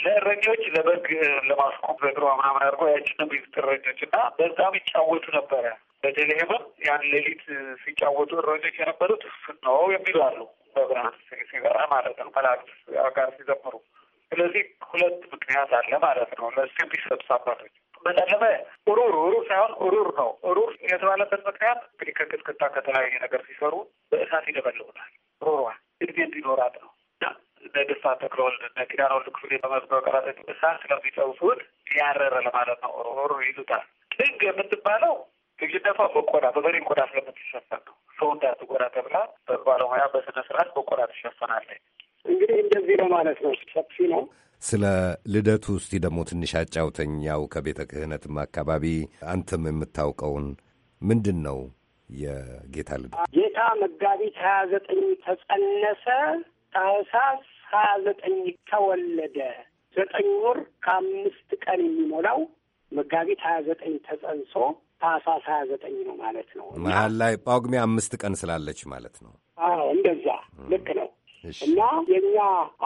ለእረኞች ለበግ ለማስቆም በግሯ ምናምን አድርጎ ያችን ነው ሚይዙት እረኞች እና በዛም ይጫወቱ ነበረ። በተለይም ያን ሌሊት ሲጫወቱ እረኞች የነበሩት እሱን ነው የሚሉ አሉ። በብርሃን ሲበራ ማለት ነው መላእክት ጋር ሲዘምሩ ስለዚህ ሁለት ምክንያት አለ ማለት ነው። እነዚህ የሚሰጡት አባቶች በጠለበ ሩር ሩር ሳይሆን ሩር ነው። ሩር የተባለበት ምክንያት እንግዲህ ከቅጥቅጣ ከተለያየ ነገር ሲሰሩ በእሳት ይደበልቡታል። ሩሯ እድሜ እንዲኖራት ነው። እነ ደስታ ተክለወልድ እነ ኪዳነወልድ ክፍሌ በመዝገበ ቃላት እሳት ስለሚጠውሱት ያረረ ለማለት ነው። ሩር ይሉታል። ጥግ የምትባለው ልጅነቷ በቆዳ በበሬ ቆዳ ስለምትሸፈን ነው። ሰው እንዳትጎዳ ተብላ በባለሙያ በስነ ስርዓት በቆዳ ትሸፈናለች። እንደዚህ ነው ማለት ነው። ሰፊ ነው። ስለ ልደቱ እስቲ ደግሞ ትንሽ አጫውተኝ። ያው ከቤተ ክህነትም አካባቢ አንተም የምታውቀውን ምንድን ነው የጌታ ልደት? ጌታ መጋቢት ሀያ ዘጠኝ ተጸነሰ። ታህሳስ ሀያ ዘጠኝ ተወለደ። ዘጠኝ ወር ከአምስት ቀን የሚሞላው መጋቢት ሀያ ዘጠኝ ተጸንሶ ታህሳስ ሀያ ዘጠኝ ነው ማለት ነው። መሀል ላይ ጳጉሜ አምስት ቀን ስላለች ማለት ነው። አዎ እንደዛ ልክ ነው። እና የኛ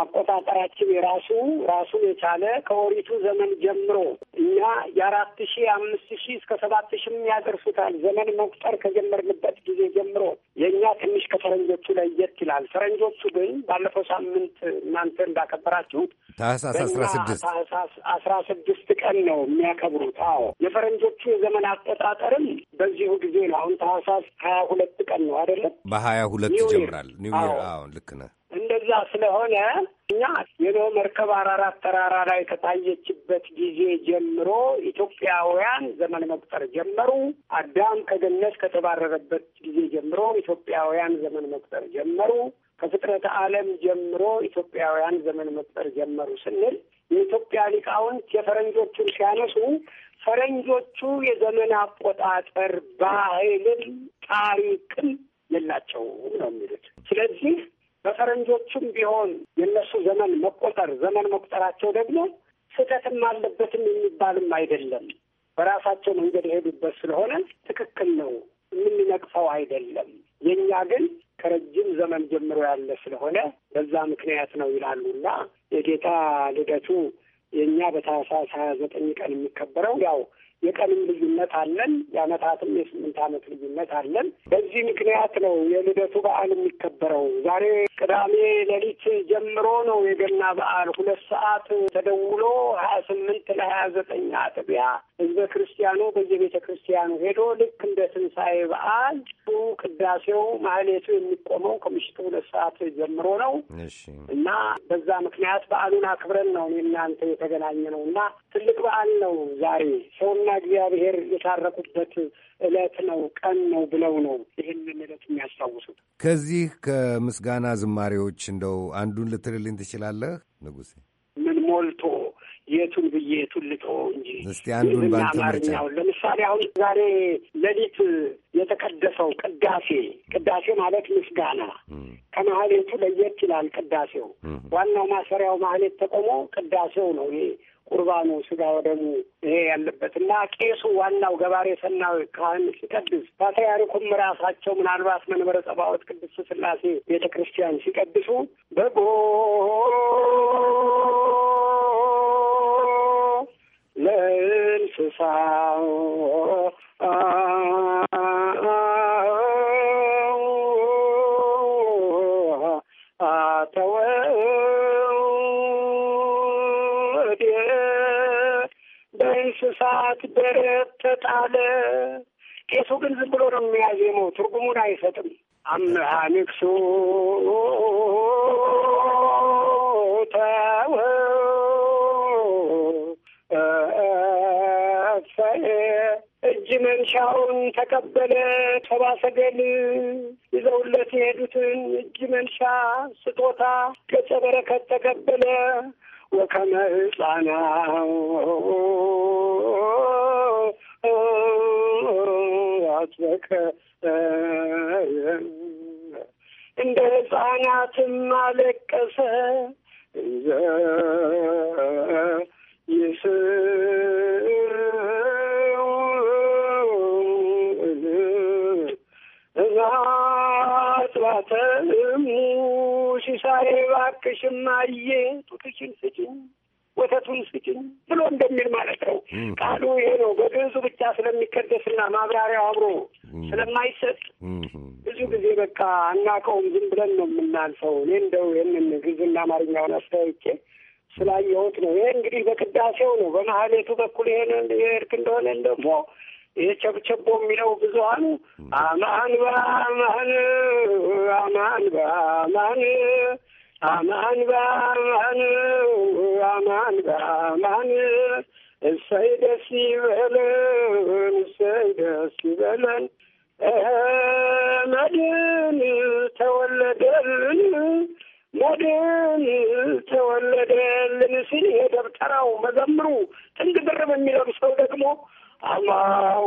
አቆጣጠራችን የራሱ ራሱን የቻለ ከኦሪቱ ዘመን ጀምሮ እኛ የአራት ሺ አምስት ሺ እስከ ሰባት ሺ ያደርሱታል። ዘመን መቁጠር ከጀመርንበት ጊዜ ጀምሮ የእኛ ትንሽ ከፈረንጆቹ ለየት ይላል። ፈረንጆቹ ግን ባለፈው ሳምንት እናንተ እንዳከበራችሁት ታህሳስ አስራ ስድስት ታህሳስ አስራ ስድስት ቀን ነው የሚያከብሩት። አዎ የፈረንጆቹ የዘመን አቆጣጠርም በዚሁ ጊዜ ነው። አሁን ታህሳስ ሀያ ሁለት ቀን ነው አይደለም? በሀያ ሁለት ይጀምራል ኒው ይር። አዎ ልክ ነህ። እንደዛ ስለሆነ እኛ የኖህ መርከብ አራራት ተራራ ላይ ከታየችበት ጊዜ ጀምሮ ኢትዮጵያውያን ዘመን መቁጠር ጀመሩ። አዳም ከገነት ከተባረረበት ጊዜ ጀምሮ ኢትዮጵያውያን ዘመን መቁጠር ጀመሩ። ከፍጥረተ ዓለም ጀምሮ ኢትዮጵያውያን ዘመን መቁጠር ጀመሩ ስንል የኢትዮጵያ ሊቃውንት የፈረንጆቹን ሲያነሱ ፈረንጆቹ የዘመን አቆጣጠር ባህልን ታሪክም የላቸውም ነው የሚሉት። ስለዚህ በፈረንጆቹም ቢሆን የእነሱ ዘመን መቆጠር ዘመን መቁጠራቸው ደግሞ ስህተትም አለበትም የሚባልም አይደለም። በራሳቸው መንገድ የሄዱበት ስለሆነ ትክክል ነው፣ የምንነቅፈው አይደለም። የእኛ ግን ከረጅም ዘመን ጀምሮ ያለ ስለሆነ በዛ ምክንያት ነው ይላሉ እና የጌታ ልደቱ የእኛ በታህሳስ ሀያ ዘጠኝ ቀን የሚከበረው ያው የቀንም ልዩነት አለን፣ የአመታትም የስምንት አመት ልዩነት አለን። በዚህ ምክንያት ነው የልደቱ በዓል የሚከበረው። ዛሬ ቅዳሜ ሌሊት ጀምሮ ነው የገና በዓል ሁለት ሰዓት ተደውሎ ሀያ ስምንት ለሀያ ዘጠኝ አጥቢያ ህዝበ ክርስቲያኑ በየቤተ ክርስቲያኑ ሄዶ ልክ እንደ ትንሣኤ በዓል ቅዳሴው ማህሌቱ የሚቆመው ከምሽቱ ሁለት ሰዓት ጀምሮ ነው እና በዛ ምክንያት በዓሉን አክብረን ነው እናንተ የተገናኘ ነው እና ትልቅ በዓል ነው ዛሬ ሰውና እኔና እግዚአብሔር የታረቁበት ዕለት ነው ቀን ነው ብለው ነው ይህንን ዕለት የሚያስታውሱት። ከዚህ ከምስጋና ዝማሬዎች እንደው አንዱን ልትልልኝ ትችላለህ ንጉሴ? ምን ሞልቶ የቱን ብዬ የቱን እንጂ እስቲ አንዱን ባልተመርጫውን ለምሳሌ አሁን ዛሬ ሌሊት የተቀደሰው ቅዳሴ ቅዳሴ ማለት ምስጋና ከማህሌቱ ለየት ይላል። ቅዳሴው ዋናው ማሰሪያው ማህሌት ተቆሞ ቅዳሴው ነው። ይሄ ቁርባኑ ስጋ ወደሙ ይሄ ያለበት እና ቄሱ ዋናው ገባሬ ሰናዊ ካህን ሲቀድስ ፓትርያርኩም ራሳቸው ምናልባት መንበረ ጸባዖት ቅድስት ስላሴ ቤተ ክርስቲያን ሲቀድሱ በጎ ለእንስሳ መረብ ተጣለ። ቄሱ ግን ዝም ብሎ ነው የሚያዜመው፣ ትርጉሙን አይሰጥም። አምሃ ንግሱ እጅ መንሻውን ተቀበለ። ተባሰገል ይዘውለት የሄዱትን እጅ መንሻ ስጦታ ገጸ በረከት ተቀበለ። ወከመ ሕፃናው አትበቀየን። እንደ ሕፃናትም አለቀሰ እንዘ ይስር እባክሽማዬ ጡትሽን ስጪኝ ወተቱን ስጭኝ ብሎ እንደሚል ማለት ነው። ቃሉ ይሄ ነው። በግዕዙ ብቻ ስለሚቀደስና ማብራሪያው አብሮ ስለማይሰጥ ብዙ ጊዜ በቃ አናቀውም፣ ዝም ብለን ነው የምናልፈው። እኔ እንደው ይህንን ግዕዝና አማርኛውን አስተያይቼ ስላየሁት ነው። ይሄ እንግዲህ በቅዳሴው ነው በመሀሌቱ በኩል ይሄንን የእርክ እንደሆነ ደግሞ ይሄ ቸብቸቦ የሚለው ብዙሀኑ አማን በአማን አማን በአማን አማን ማን አማንባ ማን እሰይ ደስ ይበለን እሰይ ደስ ይበለን መድን ተወለደልን መድን ተወለደልን ሲል ይሄ መዘምሩ ጥንግ ድርብ የሚለብሰው ደግሞ አማው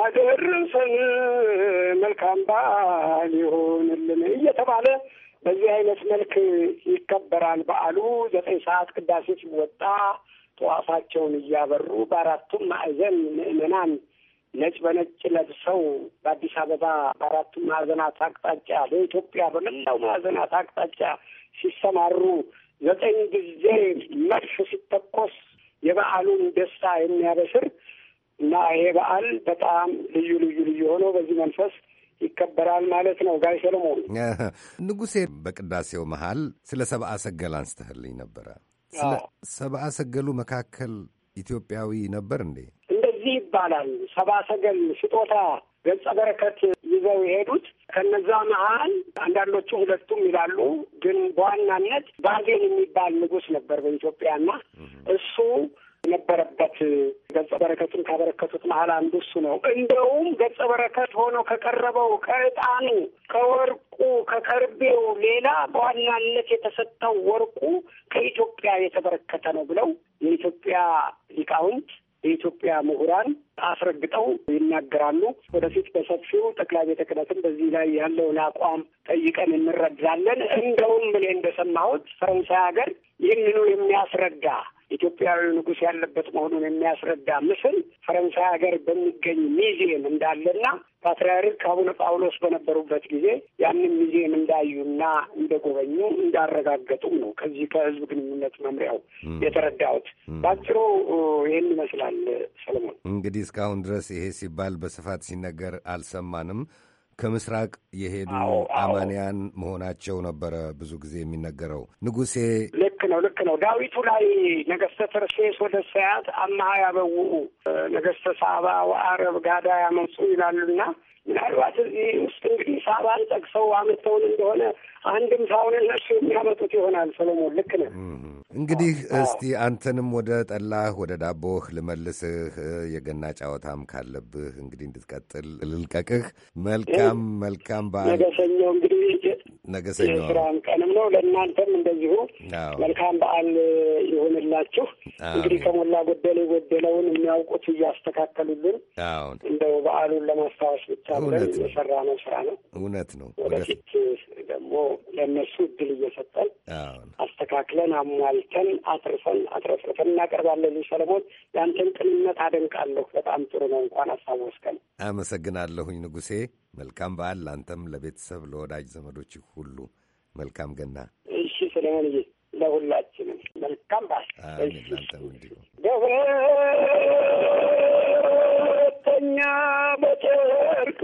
አደረሰን መልካም በዓል ይሆንልን እየተባለ በዚህ አይነት መልክ ይከበራል በዓሉ። ዘጠኝ ሰዓት ቅዳሴ ሲወጣ ጠዋፋቸውን እያበሩ በአራቱም ማዕዘን ምዕመናን ነጭ በነጭ ለብሰው በአዲስ አበባ በአራቱም ማዕዘናት አቅጣጫ በኢትዮጵያ በመላው ማዕዘናት አቅጣጫ ሲሰማሩ ዘጠኝ ጊዜ መድፍ ሲተኮስ የበዓሉን ደስታ የሚያበስር እና ይሄ በዓል በጣም ልዩ ልዩ ልዩ ሆኖ በዚህ መንፈስ ይከበራል ማለት ነው። ጋይ ሰለሞን ንጉሴ፣ በቅዳሴው መሀል ስለ ሰብአ ሰገል አንስተህልኝ ነበረ። ስለ ሰብአ ሰገሉ መካከል ኢትዮጵያዊ ነበር እንዴ? እንደዚህ ይባላል። ሰብአ ሰገል ስጦታ ገጸ በረከት ይዘው የሄዱት ከነዛ መሀል አንዳንዶቹ ሁለቱም ይላሉ። ግን በዋናነት ባዜን የሚባል ንጉስ ነበር በኢትዮጵያና እሱ ነበረበት። ገጸ በረከቱን ካበረከቱት መሀል አንዱ እሱ ነው። እንደውም ገጸ በረከት ሆኖ ከቀረበው ከእጣኑ ከወርቁ፣ ከከርቤው ሌላ በዋናነት የተሰጠው ወርቁ ከኢትዮጵያ የተበረከተ ነው ብለው የኢትዮጵያ ሊቃውንት የኢትዮጵያ ምሁራን አስረግጠው ይናገራሉ። ወደፊት በሰፊው ጠቅላይ ቤተ ክህነትን በዚህ ላይ ያለውን አቋም ጠይቀን እንረዳለን። እንደውም እኔ እንደሰማሁት ፈረንሳይ ሀገር ይህንኑ የሚያስረዳ ኢትዮጵያዊ ንጉሥ ያለበት መሆኑን የሚያስረዳ ምስል ፈረንሳይ ሀገር በሚገኝ ሚዚየም እንዳለና ፓትርያርክ አቡነ ጳውሎስ በነበሩበት ጊዜ ያንን ሚዚየም እንዳዩና እንደጎበኙ እንዳረጋገጡም ነው ከዚህ ከህዝብ ግንኙነት መምሪያው የተረዳሁት። በአጭሩ ይህን ይመስላል ሰለሞን። እንግዲህ እስካሁን ድረስ ይሄ ሲባል በስፋት ሲነገር አልሰማንም። ከምስራቅ የሄዱ አማንያን መሆናቸው ነበረ ብዙ ጊዜ የሚነገረው። ንጉሴ ልክ ነው፣ ልክ ነው። ዳዊቱ ላይ ነገስተ ተርሴስ ወደ ሰያት አመሃ ያበውኡ ነገስተ ሳባ ወአረብ ጋዳ ያመፁ ይላሉና ምናልባት እዚህ ውስጥ እንግዲህ ሳባን ጠቅሰው አመተውን እንደሆነ አንድም ሳሁን እነሱ የሚያመጡት ይሆናል። ሰሎሞን ልክ ነህ። እንግዲህ እስቲ አንተንም ወደ ጠላህ ወደ ዳቦህ ልመልስህ። የገና ጨዋታም ካለብህ እንግዲህ እንድትቀጥል ልልቀቅህ። መልካም መልካም በዓል ነገ ሰኞ እንግዲህ ነገ ሰኞ የስራም ቀንም ነው። ለእናንተም እንደዚሁ መልካም በዓል የሆንላችሁ እንግዲህ ከሞላ ጎደል የጎደለውን የሚያውቁት እያስተካከሉልን እንደው በዓሉን ለማስታወስ ብቻ ብለን የሰራ ነው ስራ ነው። እውነት ነው። ወደፊት ደግሞ ለእነሱ እድል እየሰጠን አስተካክለን አሟልተን አትርፈን አትረፍርፈን እናቀርባለን። ሰለሞን ያንተን ቅንነት አደንቃለሁ። በጣም ጥሩ ነው። እንኳን አስታወስከን። አመሰግናለሁኝ ንጉሴ። መልካም በዓል ለአንተም፣ ለቤተሰብ፣ ለወዳጅ ዘመዶች ሁሉ መልካም ገና። እሺ ስለምን ለሁላችንም መልካም በዓል ለአንተም እንዲሁ ገበተኛ በጨርቆ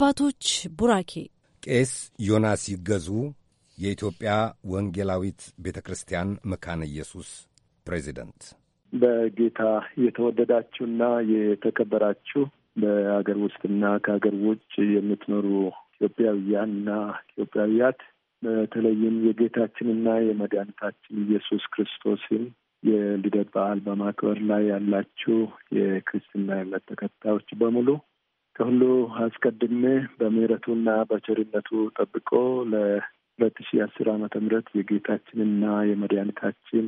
አባቶች ቡራኬ ቄስ ዮናስ ይገዙ የኢትዮጵያ ወንጌላዊት ቤተ ክርስቲያን መካነ ኢየሱስ ፕሬዚደንት። በጌታ የተወደዳችሁና የተከበራችሁ በአገር ውስጥና ከሀገር ውጭ የምትኖሩ ኢትዮጵያውያንና ኢትዮጵያውያት በተለይም የጌታችንና የመድኃኒታችን ኢየሱስ ክርስቶስን የልደት በዓል በማክበር ላይ ያላችሁ የክርስትና እምነት ተከታዮች በሙሉ ከሁሉ አስቀድሜ በምህረቱና በቸርነቱ ጠብቆ ለሁለት ሺ አስር አመተ ምህረት የጌታችንና የመድኃኒታችን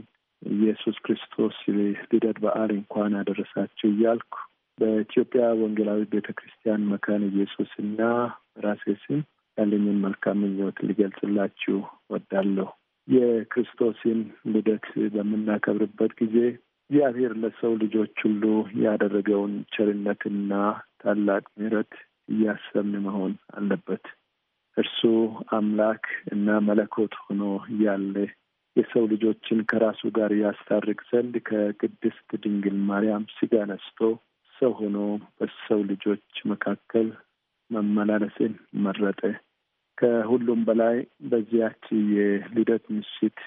ኢየሱስ ክርስቶስ ልደት በዓል እንኳን አደረሳችሁ እያልኩ በኢትዮጵያ ወንጌላዊ ቤተ ክርስቲያን መካን ኢየሱስና ራሴ ስም ያለኝን መልካም ምኞት ሊገልጽላችሁ ወዳለሁ። የክርስቶስን ልደት በምናከብርበት ጊዜ እግዚአብሔር ለሰው ልጆች ሁሉ ያደረገውን ቸርነትና ታላቅ ምሕረት እያሰብን መሆን አለበት። እርሱ አምላክ እና መለኮት ሆኖ ያለ የሰው ልጆችን ከራሱ ጋር ያስታርቅ ዘንድ ከቅድስት ድንግል ማርያም ሥጋ ነስቶ ሰው ሆኖ በሰው ልጆች መካከል መመላለስን መረጠ። ከሁሉም በላይ በዚያች የልደት ምሽት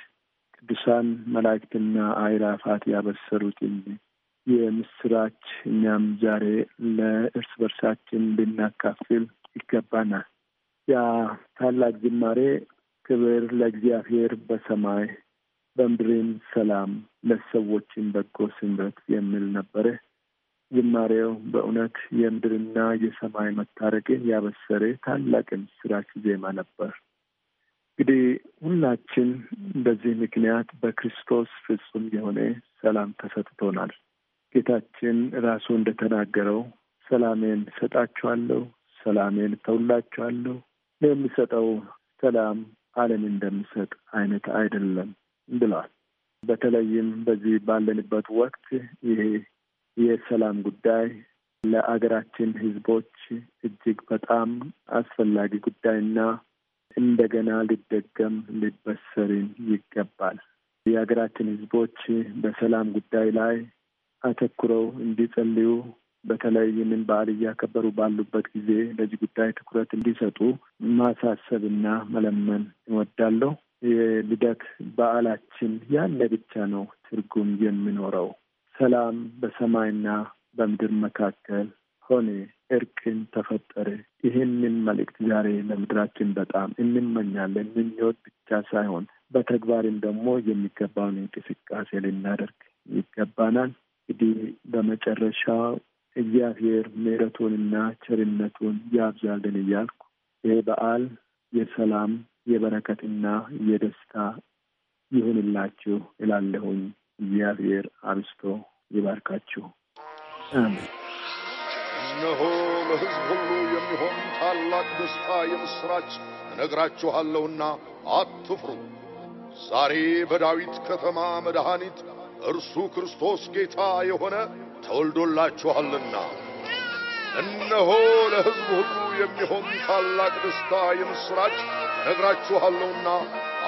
ቅዱሳን መላእክትና አይራፋት ያበሰሩትን የምስራች እኛም ዛሬ ለእርስ በርሳችን ልናካፍል ይገባናል። ያ ታላቅ ጅማሬ ክብር ለእግዚአብሔር በሰማይ በምድርም ሰላም ለሰዎችን በጎ ስምረት የሚል ነበረ። ጅማሬው በእውነት የምድርና የሰማይ መታረቅን ያበሰረ ታላቅ የምስራች ዜማ ነበር። እንግዲህ ሁላችን በዚህ ምክንያት በክርስቶስ ፍጹም የሆነ ሰላም ተሰጥቶናል። ጌታችን ራሱ እንደተናገረው ሰላሜን እሰጣችኋለሁ፣ ሰላሜን እተውላችኋለሁ፣ የምሰጠው ሰላም ዓለም እንደምሰጥ አይነት አይደለም ብለዋል። በተለይም በዚህ ባለንበት ወቅት ይሄ የሰላም ጉዳይ ለአገራችን ሕዝቦች እጅግ በጣም አስፈላጊ ጉዳይና እንደገና ሊደገም ሊበሰርን ይገባል። የሀገራችን ሕዝቦች በሰላም ጉዳይ ላይ አተኩረው እንዲጸልዩ በተለይ ይህንን በዓል እያከበሩ ባሉበት ጊዜ ለዚህ ጉዳይ ትኩረት እንዲሰጡ ማሳሰብና መለመን እወዳለሁ። የልደት በዓላችን ያለ ብቻ ነው ትርጉም የሚኖረው። ሰላም በሰማይና በምድር መካከል ሆነ፣ እርቅን ተፈጠረ። ይህንን መልእክት ዛሬ ለምድራችን በጣም እንመኛለን። ምኞት ብቻ ሳይሆን በተግባርም ደግሞ የሚገባውን እንቅስቃሴ ልናደርግ ይገባናል። እንግዲህ በመጨረሻ እግዚአብሔር ምሕረቱንና ቸርነቱን ያብዛልን እያልኩ ይህ በዓል የሰላም የበረከትና የደስታ ይሁንላችሁ እላለሁኝ። እግዚአብሔር አብስቶ ይባርካችሁ። እነሆ ለሕዝብ ሁሉ የሚሆን ታላቅ ደስታ የምሥራች እነግራችኋለሁና አትፍሩ። ዛሬ በዳዊት ከተማ መድኃኒት እርሱ ክርስቶስ ጌታ የሆነ ተወልዶላችኋልና እነሆ ለሕዝብ ሁሉ የሚሆን ታላቅ ደስታ የምሥራች ነግራችኋለሁና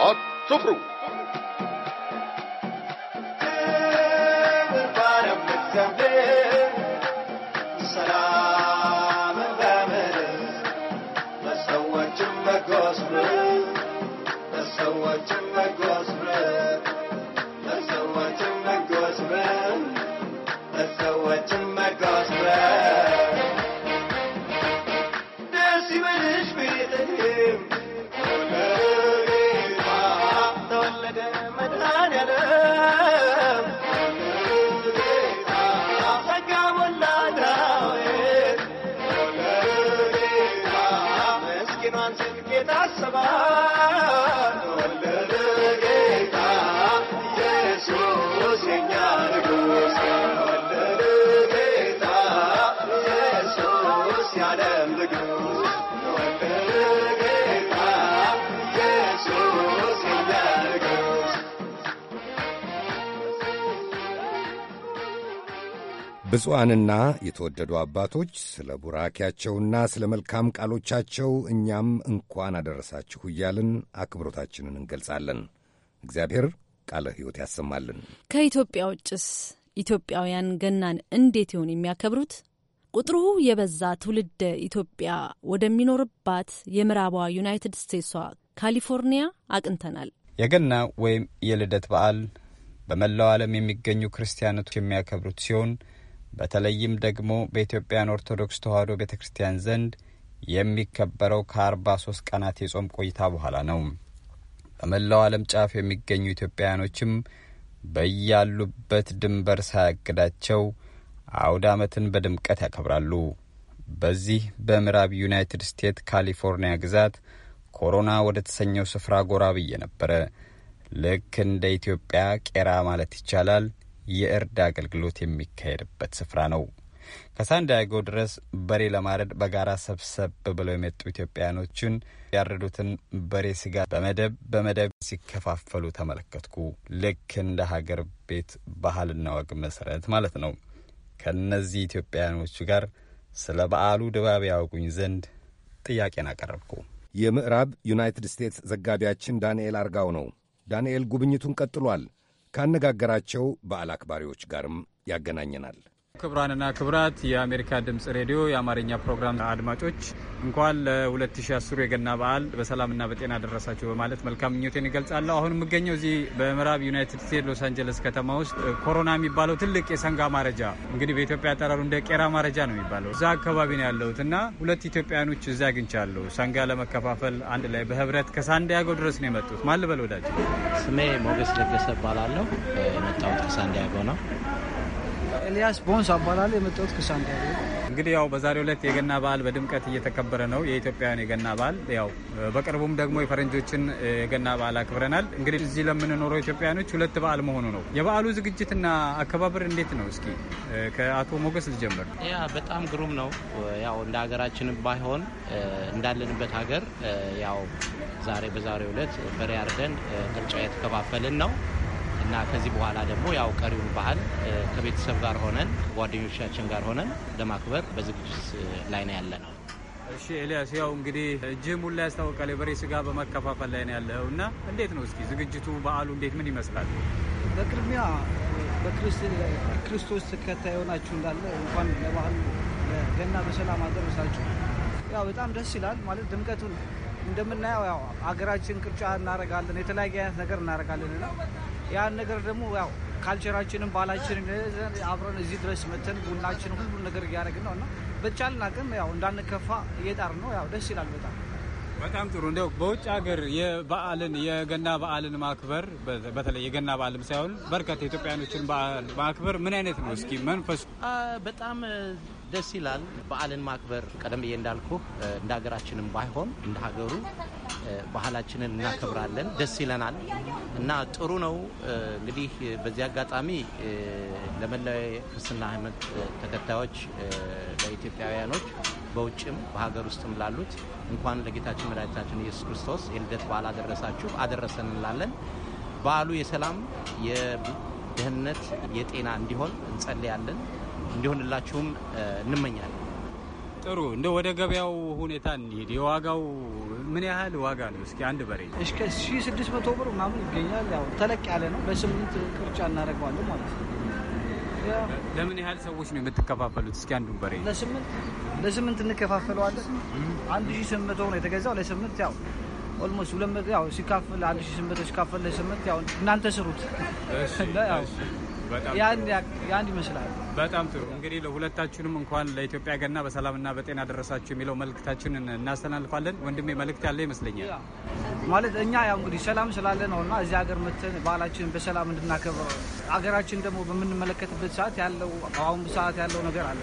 አትፍሩ። ብፁዓንና የተወደዱ አባቶች ስለ ቡራኪያቸውና ስለ መልካም ቃሎቻቸው እኛም እንኳን አደረሳችሁ እያልን አክብሮታችንን እንገልጻለን። እግዚአብሔር ቃለ ሕይወት ያሰማልን። ከኢትዮጵያ ውጭስ ኢትዮጵያውያን ገናን እንዴት ይሆን የሚያከብሩት? ቁጥሩ የበዛ ትውልደ ኢትዮጵያ ወደሚኖርባት የምዕራቧ ዩናይትድ ስቴትሷ ካሊፎርኒያ አቅንተናል። የገና ወይም የልደት በዓል በመላው ዓለም የሚገኙ ክርስቲያኖች የሚያከብሩት ሲሆን በተለይም ደግሞ በኢትዮጵያን ኦርቶዶክስ ተዋሕዶ ቤተ ክርስቲያን ዘንድ የሚከበረው ከአርባ ሶስት ቀናት የጾም ቆይታ በኋላ ነው። በመላው ዓለም ጫፍ የሚገኙ ኢትዮጵያውያኖችም በያሉበት ድንበር ሳያግዳቸው አውድ ዓመትን በድምቀት ያከብራሉ። በዚህ በምዕራብ ዩናይትድ ስቴትስ ካሊፎርኒያ ግዛት ኮሮና ወደ ተሰኘው ስፍራ ጎራ ብዬ ነበረ። ልክ እንደ ኢትዮጵያ ቄራ ማለት ይቻላል የእርድ አገልግሎት የሚካሄድበት ስፍራ ነው። ከሳንዲያጎ ድረስ በሬ ለማረድ በጋራ ሰብሰብ ብለው የመጡ ኢትዮጵያውያኖችን ያረዱትን በሬ ስጋ በመደብ በመደብ ሲከፋፈሉ ተመለከትኩ። ልክ እንደ ሀገር ቤት ባህልና ወግ መሰረት ማለት ነው። ከእነዚህ ኢትዮጵያውያኖቹ ጋር ስለ በዓሉ ድባብ ያውቁኝ ዘንድ ጥያቄን አቀረብኩ። የምዕራብ ዩናይትድ ስቴትስ ዘጋቢያችን ዳንኤል አርጋው ነው። ዳንኤል ጉብኝቱን ቀጥሏል። ካነጋገራቸው በዓል አክባሪዎች ጋርም ያገናኘናል። ክቡራንና ክቡራት የአሜሪካ ድምጽ ሬዲዮ የአማርኛ ፕሮግራም አድማጮች እንኳን ለ2010 የገና በዓል በሰላምና በጤና ደረሳችሁ በማለት መልካም ምኞቴን ይገልጻለሁ። አሁን የምገኘው እዚህ በምዕራብ ዩናይትድ ስቴትስ ሎስ አንጀለስ ከተማ ውስጥ ኮሮና የሚባለው ትልቅ የሰንጋ ማረጃ እንግዲህ በኢትዮጵያ አጠራሩ እንደ ቄራ ማረጃ ነው የሚባለው እዛ አካባቢ ነው ያለሁት እና ሁለት ኢትዮጵያኖች እዚ አግኝቻለሁ። ሰንጋ ለመከፋፈል አንድ ላይ በህብረት ከሳንዲያጎ ድረስ ነው የመጡት። ማን ልበል ወዳጅ? ስሜ ሞገስ ለገሰ እባላለሁ። የመጣሁት ከሳንዲያጎ ነው። ኤልያስ ቦንስ አባላለሁ። የመጣሁት ከሳንዲያ እንግዲህ ያው በዛሬው ዕለት የገና በዓል በድምቀት እየተከበረ ነው፣ የኢትዮጵያውያን የገና በዓል ያው በቅርቡም ደግሞ የፈረንጆችን የገና በዓል አክብረናል። እንግዲህ እዚህ ለምንኖረው ኢትዮጵያውያኖች ሁለት በዓል መሆኑ ነው። የበዓሉ ዝግጅትና አከባበር እንዴት ነው? እስኪ ከአቶ ሞገስ ልጀምር። ያ በጣም ግሩም ነው። ያው እንደ ሀገራችን ባይሆን እንዳለንበት ሀገር ያው ዛሬ በዛሬው ዕለት በሬ አርደን ቅርጫ የተከፋፈልን ነው እና ከዚህ በኋላ ደግሞ ያው ቀሪውን ባህል ከቤተሰብ ጋር ሆነን ከጓደኞቻችን ጋር ሆነን ለማክበር በዝግጅት ላይ ነው ያለ ነው። እሺ ኤልያስ፣ ያው እንግዲህ እጅህ ሙላ ያስታውቃል። የበሬ ስጋ በመከፋፈል ላይ ነው ያለው እና እንዴት ነው እስኪ ዝግጅቱ በዓሉ እንዴት ምን ይመስላል? በቅድሚያ በክርስቶስ ተከታይ የሆናችሁ እንዳለ እንኳን ለባህሉ ለገና በሰላም አደረሳችሁ። ያው በጣም ደስ ይላል ማለት ድምቀቱን እንደምናየው ያው አገራችን ቅርጫ እናረጋለን የተለያየ አይነት ነገር እናረጋለን እና ያን ነገር ደግሞ ያው ካልቸራችንን ባህላችንን አብረን እዚህ ድረስ መተን ቡናችን ሁሉ ነገር እያደረግ ነው እና በቻልን አቅም ያው እንዳንከፋ እየጣር ነው። ያው ደስ ይላል በጣም በጣም ጥሩ። እንዲያው በውጭ ሀገር የበዓልን የገና በዓልን ማክበር በተለይ የገና በዓልም ሳይሆን በርካታ ኢትዮጵያኖችን በዓል ማክበር ምን አይነት ነው? እስኪ መንፈሱ በጣም ደስ ይላል። በዓልን ማክበር ቀደም ብዬ እንዳልኩ እንደ ሀገራችንም ባይሆን እንደ ሀገሩ ባህላችንን እናከብራለን፣ ደስ ይለናል እና ጥሩ ነው። እንግዲህ በዚህ አጋጣሚ ለመላው ክርስትና ሃይማኖት ተከታዮች ለኢትዮጵያውያኖች በውጭም በሀገር ውስጥም ላሉት እንኳን ለጌታችን መድኃኒታችን ኢየሱስ ክርስቶስ የልደት በዓል አደረሳችሁ አደረሰን እንላለን። በዓሉ የሰላም፣ የደህንነት፣ የጤና እንዲሆን እንጸልያለን። እንዲሆንላችሁም እንመኛለን። ጥሩ እንደ ወደ ገበያው ሁኔታ እንሂድ። የዋጋው ምን ያህል ዋጋ ነው? እስኪ አንድ በሬ እስከ ሺ ስድስት መቶ ብር ምናምን ይገኛል። ያው ተለቅ ያለ ነው። በስምንት ቅርጫ እናደርገዋለን ማለት ነው። ለምን ያህል ሰዎች ነው የምትከፋፈሉት? እስኪ አንዱ በሬ ለስምንት ለስምንት እንከፋፈለዋለን። አንድ ሺ ስምንት መቶ ነው የተገዛው ለስምንት ያው ኦልሞስት ሁለት መቶ ያው ሲካፈል አንድ ሺ ስምንት መቶ ሲካፈል ለስምንት ያው እናንተ ስሩት ያን ይመስላል። በጣም ጥሩ እንግዲህ ለሁለታችሁንም እንኳን ለኢትዮጵያ ገና በሰላምና በጤና ደረሳችሁ የሚለው መልእክታችንን እናስተላልፋለን። ወንድሜ መልእክት ያለ ይመስለኛል። ማለት እኛ ያው እንግዲህ ሰላም ስላለ ነው እና እዚህ ሀገር መተን ባህላችንን በሰላም እንድናከብር ሀገራችን ደግሞ በምንመለከትበት ሰዓት ያለው አሁን ሰዓት ያለው ነገር አለ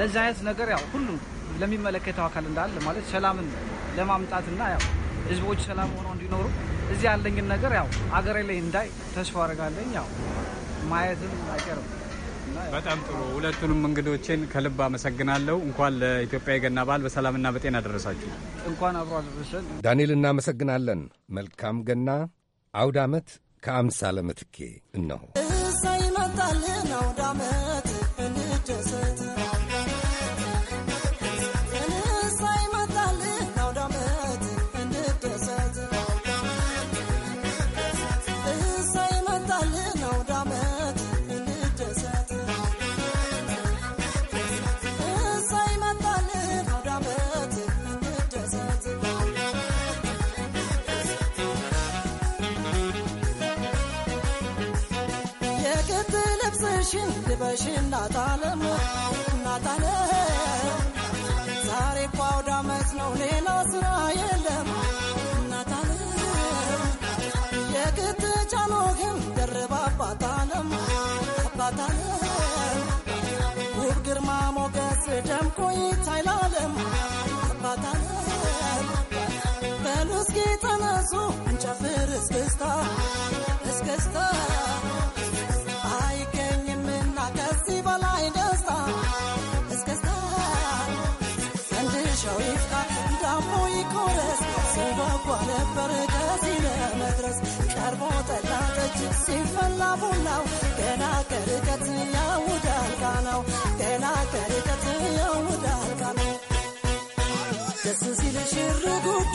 ለዚህ አይነት ነገር ያው ሁሉም ለሚመለከተው አካል እንዳለ ማለት ሰላምን ለማምጣትና ያው ህዝቦች ሰላም ሆነው እንዲኖሩ እዚህ ያለኝን ነገር ያው ሀገሬ ላይ እንዳይ ተስፋ አደርጋለኝ ያው ማየትም አይቀርም። በጣም ጥሩ። ሁለቱንም እንግዶችን ከልብ አመሰግናለሁ። እንኳን ለኢትዮጵያ የገና በዓል በሰላምና በጤና አደረሳችሁ። እንኳን አብሮ አደረሰን። ዳንኤል እናመሰግናለን። መልካም ገና። አውድ ዓመት ከአምሳ ለምትኬ እነሆ ይመጣልን አውድ ዓመት እንደሰት ልበሽ እናታለም እናታለም ዛሬ እኮ አውደ ነው፣ ሌላ ስራ የለም እናታለም የክትቻኖክም ደርባ አባታለም አባታለም ውብ ግርማ ሞገስ ደምቆ ይታይላለም አባታለም በሉ እስኪ ተነሱ እንጨፍር እስክስታ እስክስታ ሲፈላ ቡናው ገና ከርቀት ያውዳል ቃናው ገና ከርቀት ያውዳል ቃናው ደስ ሲል ሽር ጉዱ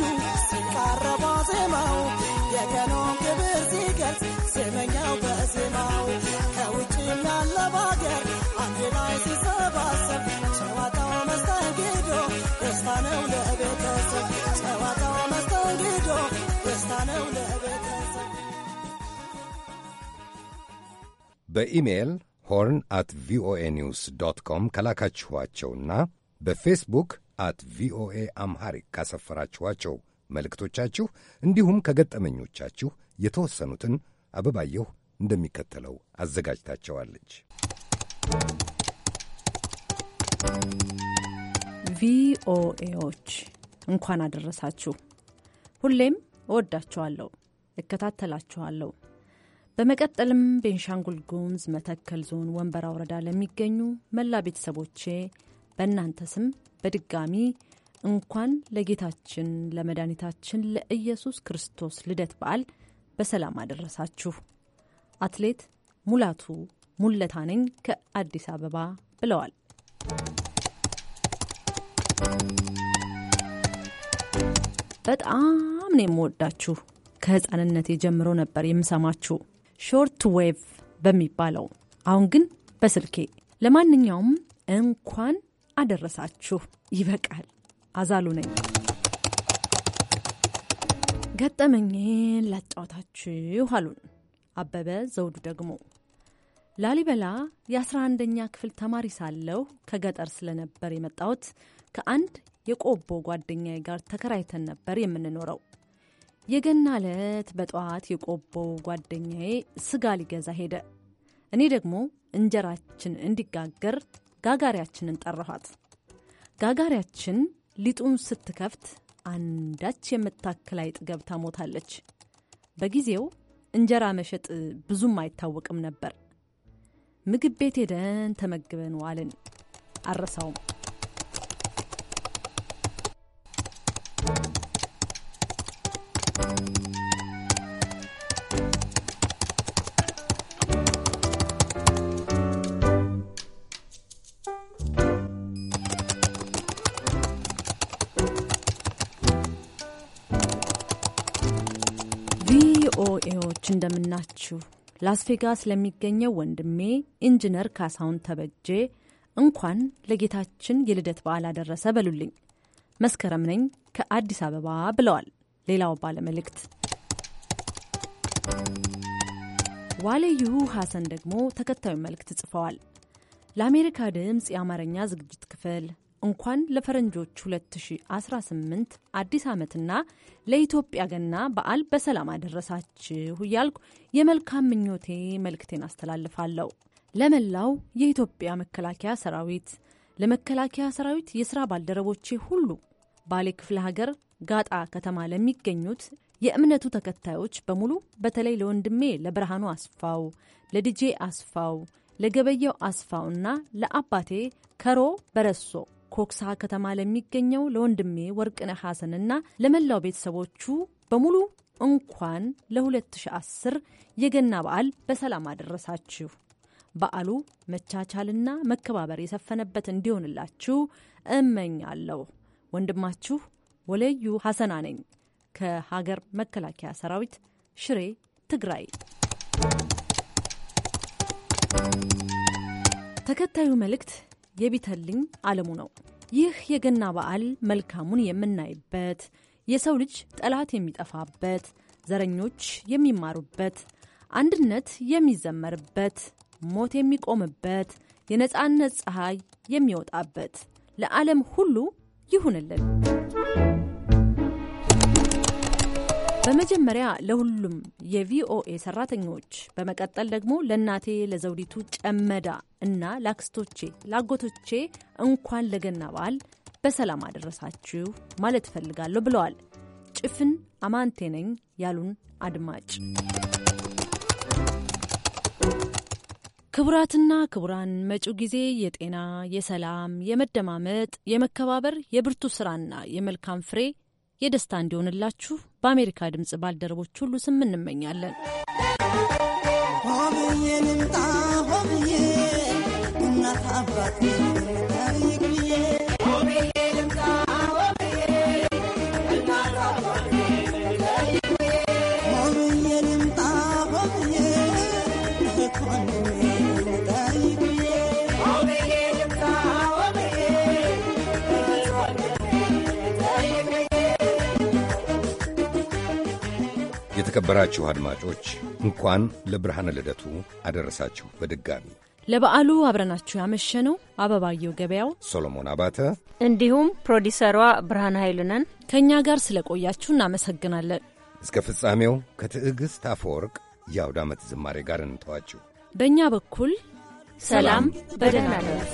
ሲቃረባ ዜማው የቀኑን ግብር ሲገልጽ ዜመኛው በዜማው ከውጭ ያለባ በኢሜይል ሆርን አት ቪኦኤ ኒውስ ዶት ኮም ከላካችኋቸውና በፌስቡክ አት ቪኦኤ አምሃሪክ ካሰፈራችኋቸው መልእክቶቻችሁ እንዲሁም ከገጠመኞቻችሁ የተወሰኑትን አበባየሁ እንደሚከተለው አዘጋጅታቸዋለች። ቪኦኤዎች እንኳን አደረሳችሁ። ሁሌም እወዳችኋለሁ፣ እከታተላችኋለሁ በመቀጠልም ቤንሻንጉል ጉሙዝ መተከል ዞን ወንበራ ወረዳ ለሚገኙ መላ ቤተሰቦቼ በእናንተ ስም በድጋሚ እንኳን ለጌታችን ለመድኃኒታችን ለኢየሱስ ክርስቶስ ልደት በዓል በሰላም አደረሳችሁ። አትሌት ሙላቱ ሙለታ ነኝ ከአዲስ አበባ ብለዋል። በጣም ነው የምወዳችሁ። ከሕፃንነት ጀምሮ ነበር የምሰማችሁ ሾርት ዌቭ በሚባለው አሁን ግን በስልኬ ለማንኛውም እንኳን አደረሳችሁ። ይበቃል። አዛሉ ነኝ። ገጠመኝን ላጫወታችሁ አሉን አበበ ዘውዱ ደግሞ ላሊበላ የ11ኛ ክፍል ተማሪ ሳለሁ ከገጠር ስለነበር የመጣሁት ከአንድ የቆቦ ጓደኛዬ ጋር ተከራይተን ነበር የምንኖረው። የገና ዕለት በጠዋት የቆቦው ጓደኛዬ ስጋ ሊገዛ ሄደ። እኔ ደግሞ እንጀራችን እንዲጋገር ጋጋሪያችንን ጠራኋት። ጋጋሪያችን ሊጡን ስትከፍት አንዳች የምታክል አይጥ ገብታ ሞታለች። በጊዜው እንጀራ መሸጥ ብዙም አይታወቅም ነበር። ምግብ ቤት ሄደን ተመግበን ዋልን። አረሳውም። እንደምናችሁ። ላስ ቬጋስ ለሚገኘው ወንድሜ ኢንጂነር ካሳሁን ተበጄ እንኳን ለጌታችን የልደት በዓል አደረሰ በሉልኝ። መስከረም ነኝ ከአዲስ አበባ ብለዋል። ሌላው ባለመልእክት ዋልዩ ሐሰን ደግሞ ተከታዩ መልእክት ጽፈዋል። ለአሜሪካ ድምፅ የአማርኛ ዝግጅት ክፍል እንኳን ለፈረንጆች 2018 አዲስ ዓመትና ለኢትዮጵያ ገና በዓል በሰላም አደረሳችሁ እያልኩ የመልካም ምኞቴ መልእክቴን አስተላልፋለሁ። ለመላው የኢትዮጵያ መከላከያ ሰራዊት፣ ለመከላከያ ሰራዊት የስራ ባልደረቦቼ ሁሉ፣ ባሌ ክፍለ ሀገር ጋጣ ከተማ ለሚገኙት የእምነቱ ተከታዮች በሙሉ በተለይ ለወንድሜ ለብርሃኑ አስፋው፣ ለዲጄ አስፋው፣ ለገበየው አስፋውና ለአባቴ ከሮ በረሶ ኮክሳ ከተማ ለሚገኘው ለወንድሜ ወርቅነህ ሐሰንና ለመላው ቤተሰቦቹ በሙሉ እንኳን ለ2010 የገና በዓል በሰላም አደረሳችሁ። በዓሉ መቻቻልና መከባበር የሰፈነበት እንዲሆንላችሁ እመኛለሁ። ወንድማችሁ ወለዩ ሐሰና ነኝ ከሀገር መከላከያ ሰራዊት ሽሬ ትግራይ። ተከታዩ መልእክት የቢተልኝ አለሙ ነው። ይህ የገና በዓል መልካሙን የምናይበት፣ የሰው ልጅ ጠላት የሚጠፋበት፣ ዘረኞች የሚማሩበት፣ አንድነት የሚዘመርበት፣ ሞት የሚቆምበት፣ የነፃነት ፀሐይ የሚወጣበት ለዓለም ሁሉ ይሁንልን። በመጀመሪያ ለሁሉም የቪኦኤ ሰራተኞች፣ በመቀጠል ደግሞ ለእናቴ ለዘውዲቱ ጨመዳ እና ላክስቶቼ ላጎቶቼ እንኳን ለገና በዓል በሰላም አደረሳችሁ ማለት እፈልጋለሁ ብለዋል። ጭፍን አማንቴ ነኝ ያሉን አድማጭ ክቡራትና ክቡራን መጪው ጊዜ የጤና፣ የሰላም፣ የመደማመጥ፣ የመከባበር፣ የብርቱ ስራና የመልካም ፍሬ የደስታ እንዲሆንላችሁ በአሜሪካ ድምፅ ባልደረቦች ሁሉ ስም እንመኛለን። ልምጣ እናት አባት የተከበራችሁ አድማጮች እንኳን ለብርሃነ ልደቱ አደረሳችሁ። በድጋሚ ለበዓሉ አብረናችሁ ያመሸነው አበባየው ገበያው፣ ሶሎሞን አባተ እንዲሁም ፕሮዲሰሯ ብርሃን ኃይሉ ነን። ከእኛ ጋር ስለቆያችሁ እናመሰግናለን። እስከ ፍጻሜው ከትዕግሥት አፈወርቅ የአውደ ዓመት ዝማሬ ጋር እንተዋችሁ። በእኛ በኩል ሰላም፣ በደህና ደረስ